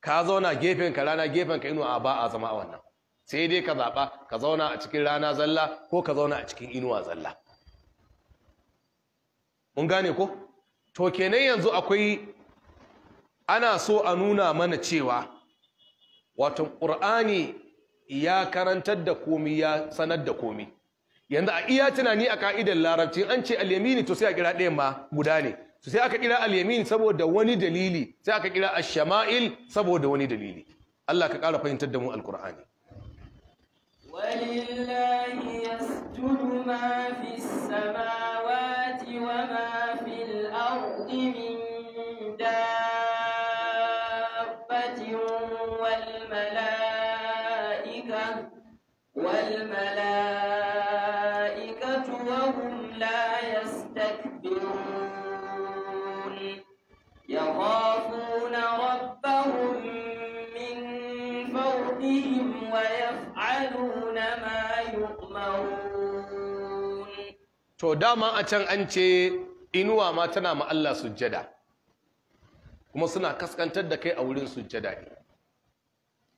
ka zauna gefen ka rana gefen ka inuwa ba a zama a wannan sai dai ka zaɓa ka zauna a cikin rana zalla ko ka zauna a cikin inuwa zalla mun gane ko to kenan yanzu akwai ana so a nuna mana cewa wato ƙur'ani ya karantar da komi ya sanar da komi yanzu a iya tunani a ka'idar larabci an ce al-yamini to sai a kira ɗayan ma guda ne su sai aka kira al-yamin saboda wani dalili sai aka kira ash-shama'il saboda wani dalili Allah ka ƙara fahimtar da mu al-Qur'ani walillahi yasjudu ma fis samawati wa ma fil ardi min dabbatin wal mala'ika wal mala'ika يخافون to dama a can an ce inuwa ma tana ma Allah sujjada kuma suna kaskantar da kai a wurin sujjada ne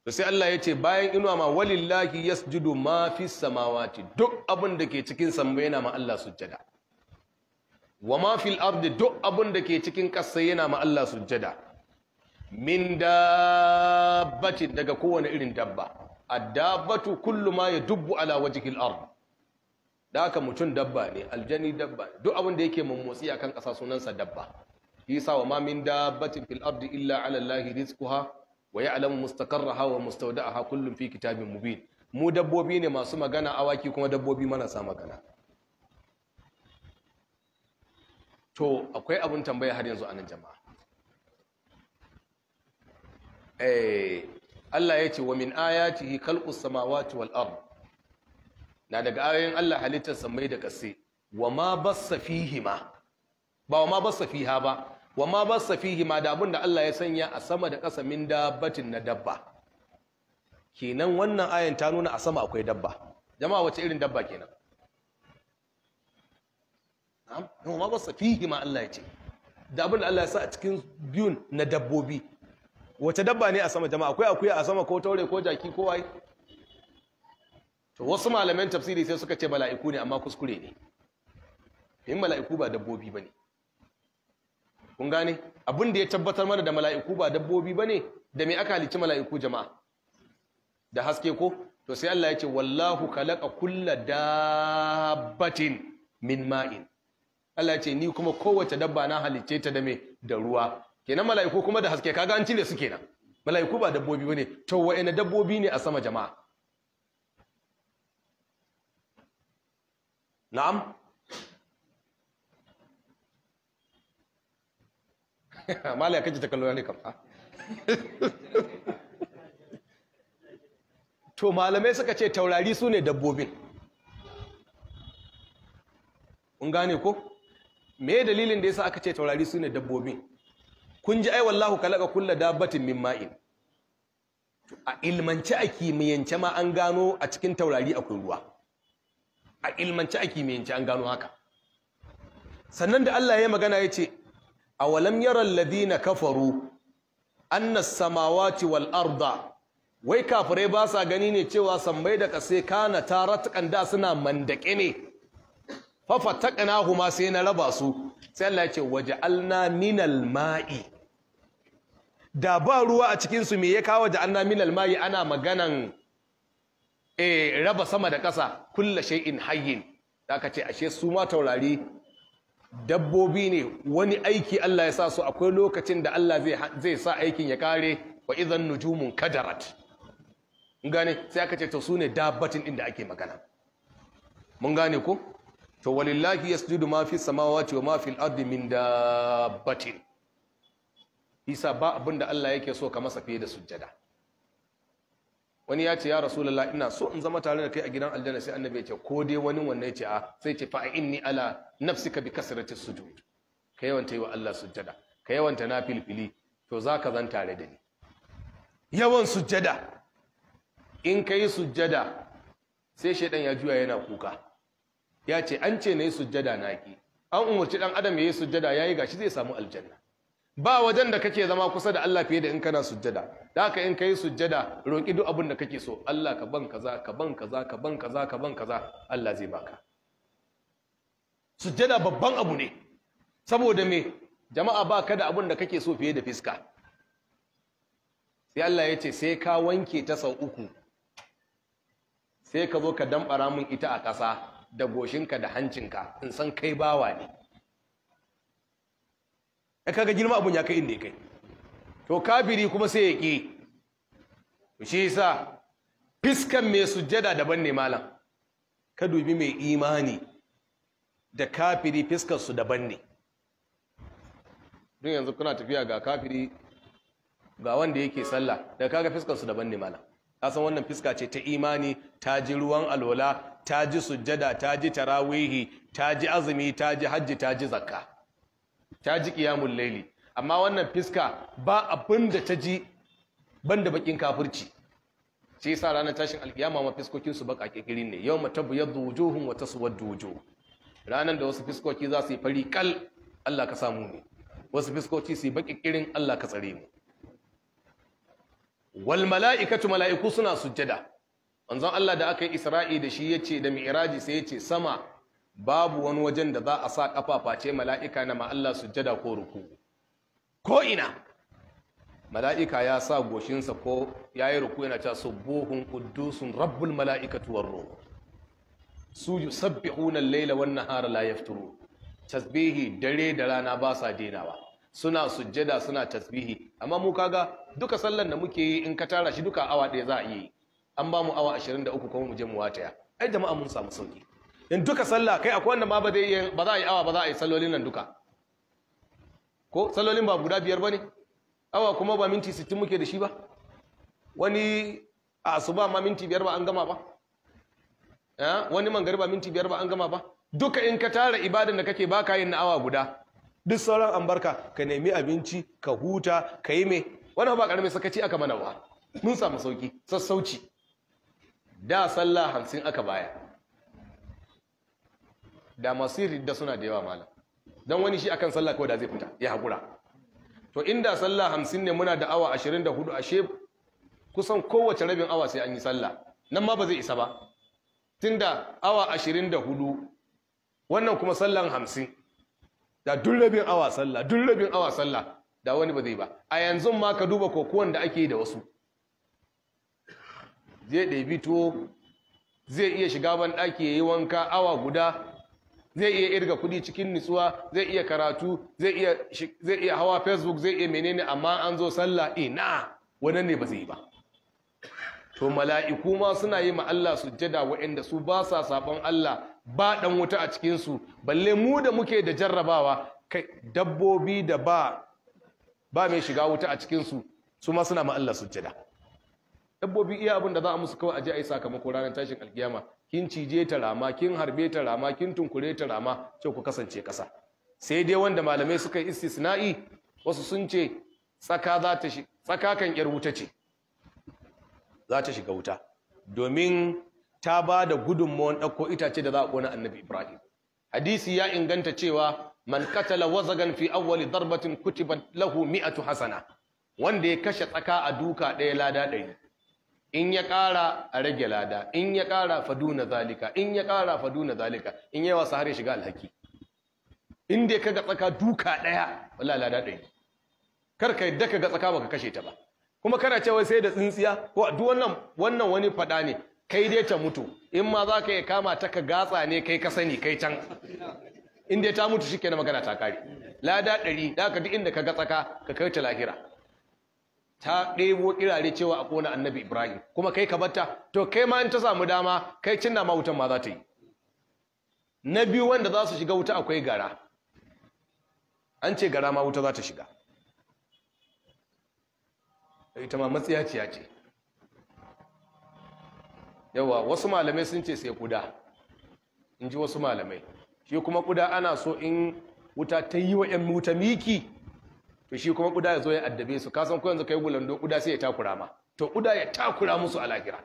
to sai Allah ya ce bayan inuwa ma walillahi yasjudu ma fi samawati duk abin da ke cikin sambo yana ma Allah sujjada wa ma fil ardi duk abun da ke cikin ƙasa yana ma Allah sujjada min dabbatin daga kowane irin dabba addabatu kullu ma yadubbu ala wajhil ard da haka mutum dabba ne aljani dabba duk abin da yake mummotsi akan ƙasa sunansa dabba yasa wa ma min dabbatin fil ardi illa ala allahi rizquha wa ya'lamu mustaqarraha wa mustawda'aha kullun fi kitabin mubin mu dabbobi ne masu magana awaki kuma dabbobi marasa magana to akwai abin tambaya har yanzu anan jama'a eh Allah ya ce wa min ayatihi khalqus samawati wal ard na daga ayoyin Allah halittar samai da kase wa ma bassa fihima ba wa ma bassa fiha ba wa ma bassa fihima da abin da Allah ya sanya a sama da kasa min dabbatin na dabba kenan wannan ayan ta nuna a sama akwai dabba jama'a wace irin dabba kenan na'am ma basa fihi ma Allah ya ce da abin da Allah ya sa a cikin biyun na dabbobi wace dabba ne a sama jama'a akwai akwai a sama ko taure ko jaki ko wai to wasu malaman tafsiri sai suka ce mala'iku ne amma kuskure ne in mala'iku ba dabbobi bane kun gane abin da ya tabbatar mana da mala'iku ba dabbobi bane da me aka halici mala'iku jama'a da haske ko to sai Allah ya ce wallahu khalaqa kulla dabbatin min ma'in Allah ce ni kuma kowace dabba na halicce ta da me da ruwa kenan mala'iku kuma da haske kaga an cire su kenan mala'iku ba dabbobi bane to wa'ina dabbobi ne a sama jama'a na'am mala kace ta kallo ne kam to malamai suka ce taurari su ne dabbobin un gane ko me dalilin da yasa aka ce taurari su ne dabbobi kun ji ai wallahu kalaka kulla dabbatin min ma'in a ilmance a kimiyyance ma an gano a cikin taurari akwai ruwa a ilmance a kimiyyance an gano haka sannan da Allah ya magana ya ce a walam yaran na kafaru annas samawati wal arda wai kafirai ba sa gani ne cewa sammai da kase kana taratkan da suna mandake ne fafattaqna huma sai na raba su sai Allah ya ce alna minal ma'i da ba ruwa a cikinsu mai me ya kawo alna minal ma'i ana maganan e raba sama da ƙasa kulle sha'in hayyin da aka ce ashe su ma taurari dabbobi ne wani aiki Allah ya sa su akwai lokacin da Allah zai sa aikin ya kare wa izan nujumun kadarat mun gane sai aka ce to su ne dabbatin inda ake magana mun gane ko to walillahi yasjudu ma fi samawati wa ma fil ardi min dabbatin isa ba abinda Allah yake so ka masa fiye da sujada. wani ya ce ya rasu rasulullah ina so in zama tare da kai a gidan aljanna sai annabi ya ce ko dai wani wannan ya ce a ah. sai ce fa inni ala ka bi kasratis sujud ka yawanta yi wa Allah sujada. ka yawanta na filfili to zaka zan tare da ni yawan sujada, in kai sujada, sai shaidan ya juya yana kuka ya ce an ce na yi sujjada na ki an umarci ɗan adam ya yi sujjada ya yi gashi zai samu aljanna ba wajen da kake zama kusa da Allah fiye da in kana sujjada da haka in ka yi sujjada roƙi duk abin da kake so Allah ka ban kaza ka ban kaza ka ban kaza ka ban kaza Allah zai baka sujjada babban abu ne saboda me jama'a ba ka da abin da kake so fiye da fiska sai Allah ya ce sai ka wanke ta sau uku sai ka zo ka damɓara mun ita a ƙasa da goshinka da hancinka in san kai bawa ne ya kaga girma abun ya kai inda ya kai to kafiri kuma sai ya ƙi shi sa, fiskan mai sujjada daban ne malam ka dubi mai imani da kafiri fiskarsu daban ne don yanzu kuna tafiya ga kafiri ga wanda yake sallah da kaga fiskarsu daban ne malam kasan wannan fiska ce ta imani ta ji ruwan alwala ta ji sujjada ta ji tarawihi ta ji azumi ta ji hajji ta ji zakka ta ji qiyamul laili. amma wannan fiska ba abin da ta ji banda bakin kafirci shi yasa ranar tashin alkiyama ma fiskokin baka kikirin ne yawma tabyaddu wujuhum wa taswaddu wujuh ranar da wasu fiskoki za su yi fari kal Allah ka samu ne wasu fiskoki su yi baki kirin Allah ka tsare mu wal mala'ikatu mala'iku suna sujjada Wanzan Allah da aka yi Isra'i da shi yace da Mi'raji sai yace sama babu wani wajen da za a sa kafafa ce mala'ika na ma Allah sujjada ko ruku ko ina mala'ika ya sa goshinsa ko yayi ruku yana ta subuhun quddusun rabbul mala'ikatu war ruh su yusabbihuna al-laila wannan nahara la turu. tasbihi dare da rana ba sa denawa suna sujjada suna tasbihi amma mu kaga duka sallan da muke yi in ka tara shi duka awa ɗaya za a yi an ba mu awa 23 kuma mu je mu wataya ai jama'a mun samu sauki in duka sallah kai akwai wanda ma ba zai ba za a yi awa ba za a yi sallolin nan duka ko sallolin ba guda biyar bane awa kuma ba minti 60 muke da shi ba wani a asuba ma minti biyar ba an gama ba eh, wani ba minti biyar ba an gama ba duka in ka tara ibadan da kake baka yin na awa guda duk sauran an barka ka nemi abinci ka huta ka yi mai Wani ba karamin sakaci aka mana ba mun samu sauki sassauci da sallah hamsin aka baya da masu ridda suna da yawa malam don wani shi akan sallah kawai da zai fita ya haƙura to inda sallah hamsin ne muna da awa ashirin da hudu ashe kusan kowace rabin awa sai an yi sallah nan ma ba zai isa ba Tun da awa ashirin da hudu wannan kuma sallan hamsin da dun rabin awa sallah dun rabin awa sallah da wani ba zai ba a yanzu ma ka duba kokuwan da ake yi da wasu zai ɗabi tuwo zai iya shiga ban ɗaki ya yi wanka awa guda zai iya irga kuɗi cikin nutsuwa zai iya karatu zai iya hawa facebook zai iya menene amma an zo sallah ina wani ne ba zai ba to mala'iku ma suna yi ma Allah jada wa'inda su ba sa sabon Allah ba ɗan wuta a cikinsu balle mu da muke da jarrabawa dabbobi da ba ba mai shiga wuta a cikinsu. su ma suna ma'allar Allah sujjada dabbobi iya abin da za a musu kawai a je a yi sakamako ranar tashin alkiyama kin cije ta rama kin harbe ta rama kin tunkure ta rama ce ku kasance kasa sai dai wanda malamai suka yi istisna'i wasu sun ce tsaka kan yar wuta ce za ta shiga wuta domin ta ba da gudunmawan ɗauko itace da za a ƙona annabi ibrahim hadisi ya inganta cewa man katala wazagan fi awwali darbatin kutibat lahu mi'atu hasana wanda ya kashe tsaka a duka ɗaya lada ɗari in ya ƙara a rage lada in ya ƙara faduna zalika in ya ƙara faduna zalika in yawa su har shiga alhaki in dai kaga tsaka duka ɗaya wallahi lada ɗari kar ka yadda ga tsaka baka kashe ta ba kuma kana cewa sai da tsintsiya ko duk wannan wannan wani fada ne kai dai ta mutu in ma za ka iya kama ta ka gatsa ne kai ka sani kai can in ta mutu kenan magana ta kare lada ɗari da ka inda ka ga tsaka ka kai ta lahira ta ɗebo kirare cewa a kona annabi Ibrahim kuma kai ka batta to kai ma in ta samu dama kai cinna ma wutan ma za ta yi na biyu wanda za su shiga wuta akwai gara an ce gara ma wuta za ta shiga ita ma matsiyaciya ce yawa wasu malamai sun ce sai kuda in ji wasu malamai shi kuma kuda ana so in wuta ta yi wa 'yan wuta miki to shi kuma kuda ya zo ya addabe su kasan ko yanzu kai bulando kuda sai ya takura ma to kuda ya takura musu a lahira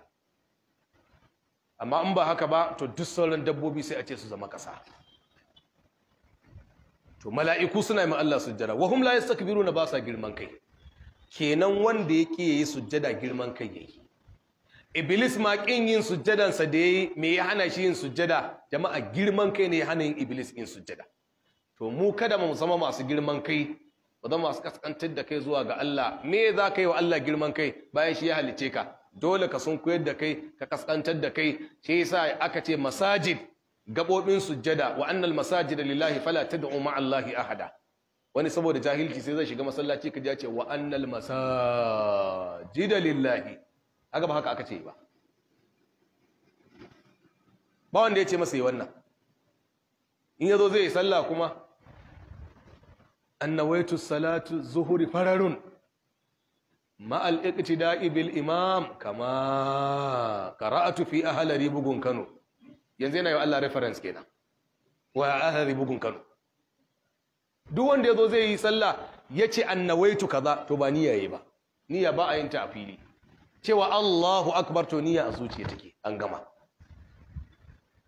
amma in ba haka ba to duk sauran dabbobi sai a ce su zama kasa to mala'iku suna yi Allah sujjada wa hum la yastakbiruna ba sa girman kai kenan wanda yake yi sujjada girman kai yake Iblis ma kin yin sujjadansa da yayi me ya hana shi yin sujjada jama'a girman kai ne ya hana yin Iblis yin sujjada to mu kada mu zama masu girman kai ba zama masu kaskantar da kai zuwa ga Allah me za ka yi wa Allah girman kai bayan shi ya halice ka dole ka sun koyar da kai ka kaskantar da kai shi yasa aka ce masajid gabobin sujjada wa annal masajida lillahi fala tad'u ma'a Allahi ahada wani saboda jahilci sai zai shiga masallaci ka ji ya ce wa annal masajida lillahi haka ba haka aka ce ba ba wanda ya ce masa yi wannan in yazo zai yi sallah kuma An-nawaitu, salatu zuhuri fararun ma'al iqtida'i Da'ibil, imam kama qara'atu fi ahlari Ribugun, Kano yanzu yana yi Allah reference kenan wa ahlari Ribugun, Kano duk wanda yazo zai yi sallah an annawaitu kaza to ba niyya yayi ba niyya ba a yin ta a fili cewa Allahu akbar to niyya a zuciya take an gama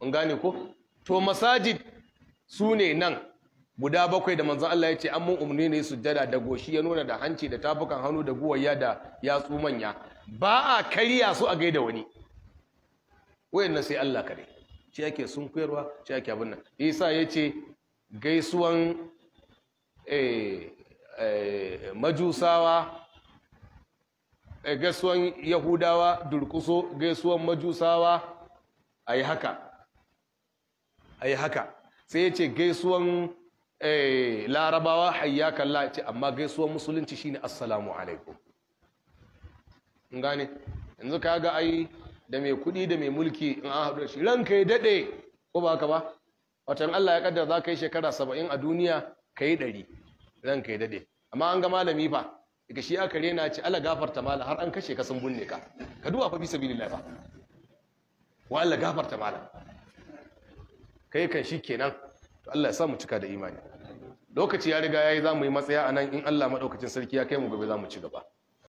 an gane ko to masajid su ne nan guda bakwai da manzan Allah ya ce an mun umarni ne sujjada da goshi ya nuna da hanci da tafukan hannu da guwaya da yatsu manya ba a kariya su a gaida wani wayannan sai Allah kare shi yake sun koyarwa shi yake abin nan Isa ya ce gaisuwan eh, eh majusawa Eh, gaisuwan yahudawa durkuso gaisuwan majusawa a yi haka a yi haka sai ya ce gaisuwan eh, larabawa hayyakan ce, amma gaisuwan musulunci shine assalamu alaikum gane yanzu ka ga ai da mai kudi da mai mulki in an haɗu shi ranka ya daɗe ko ba ka ba watan Allah ya kaddara za ka yi shekara saba'in a duniya ka yi ɗari ranka ya daɗe amma an ga malami fa daga shi aka rena ci ala gafarta mala har an kashe ka sun binne ka ka duwa fa bisa bilillah ba. wa Allah gafarta mala kai kan shi kenan to Allah ya sa mu cika da imani lokaci ya riga yayi zamu yi matsaya anan in Allah madaukakin sarki ya kai mu gobe zamu ci gaba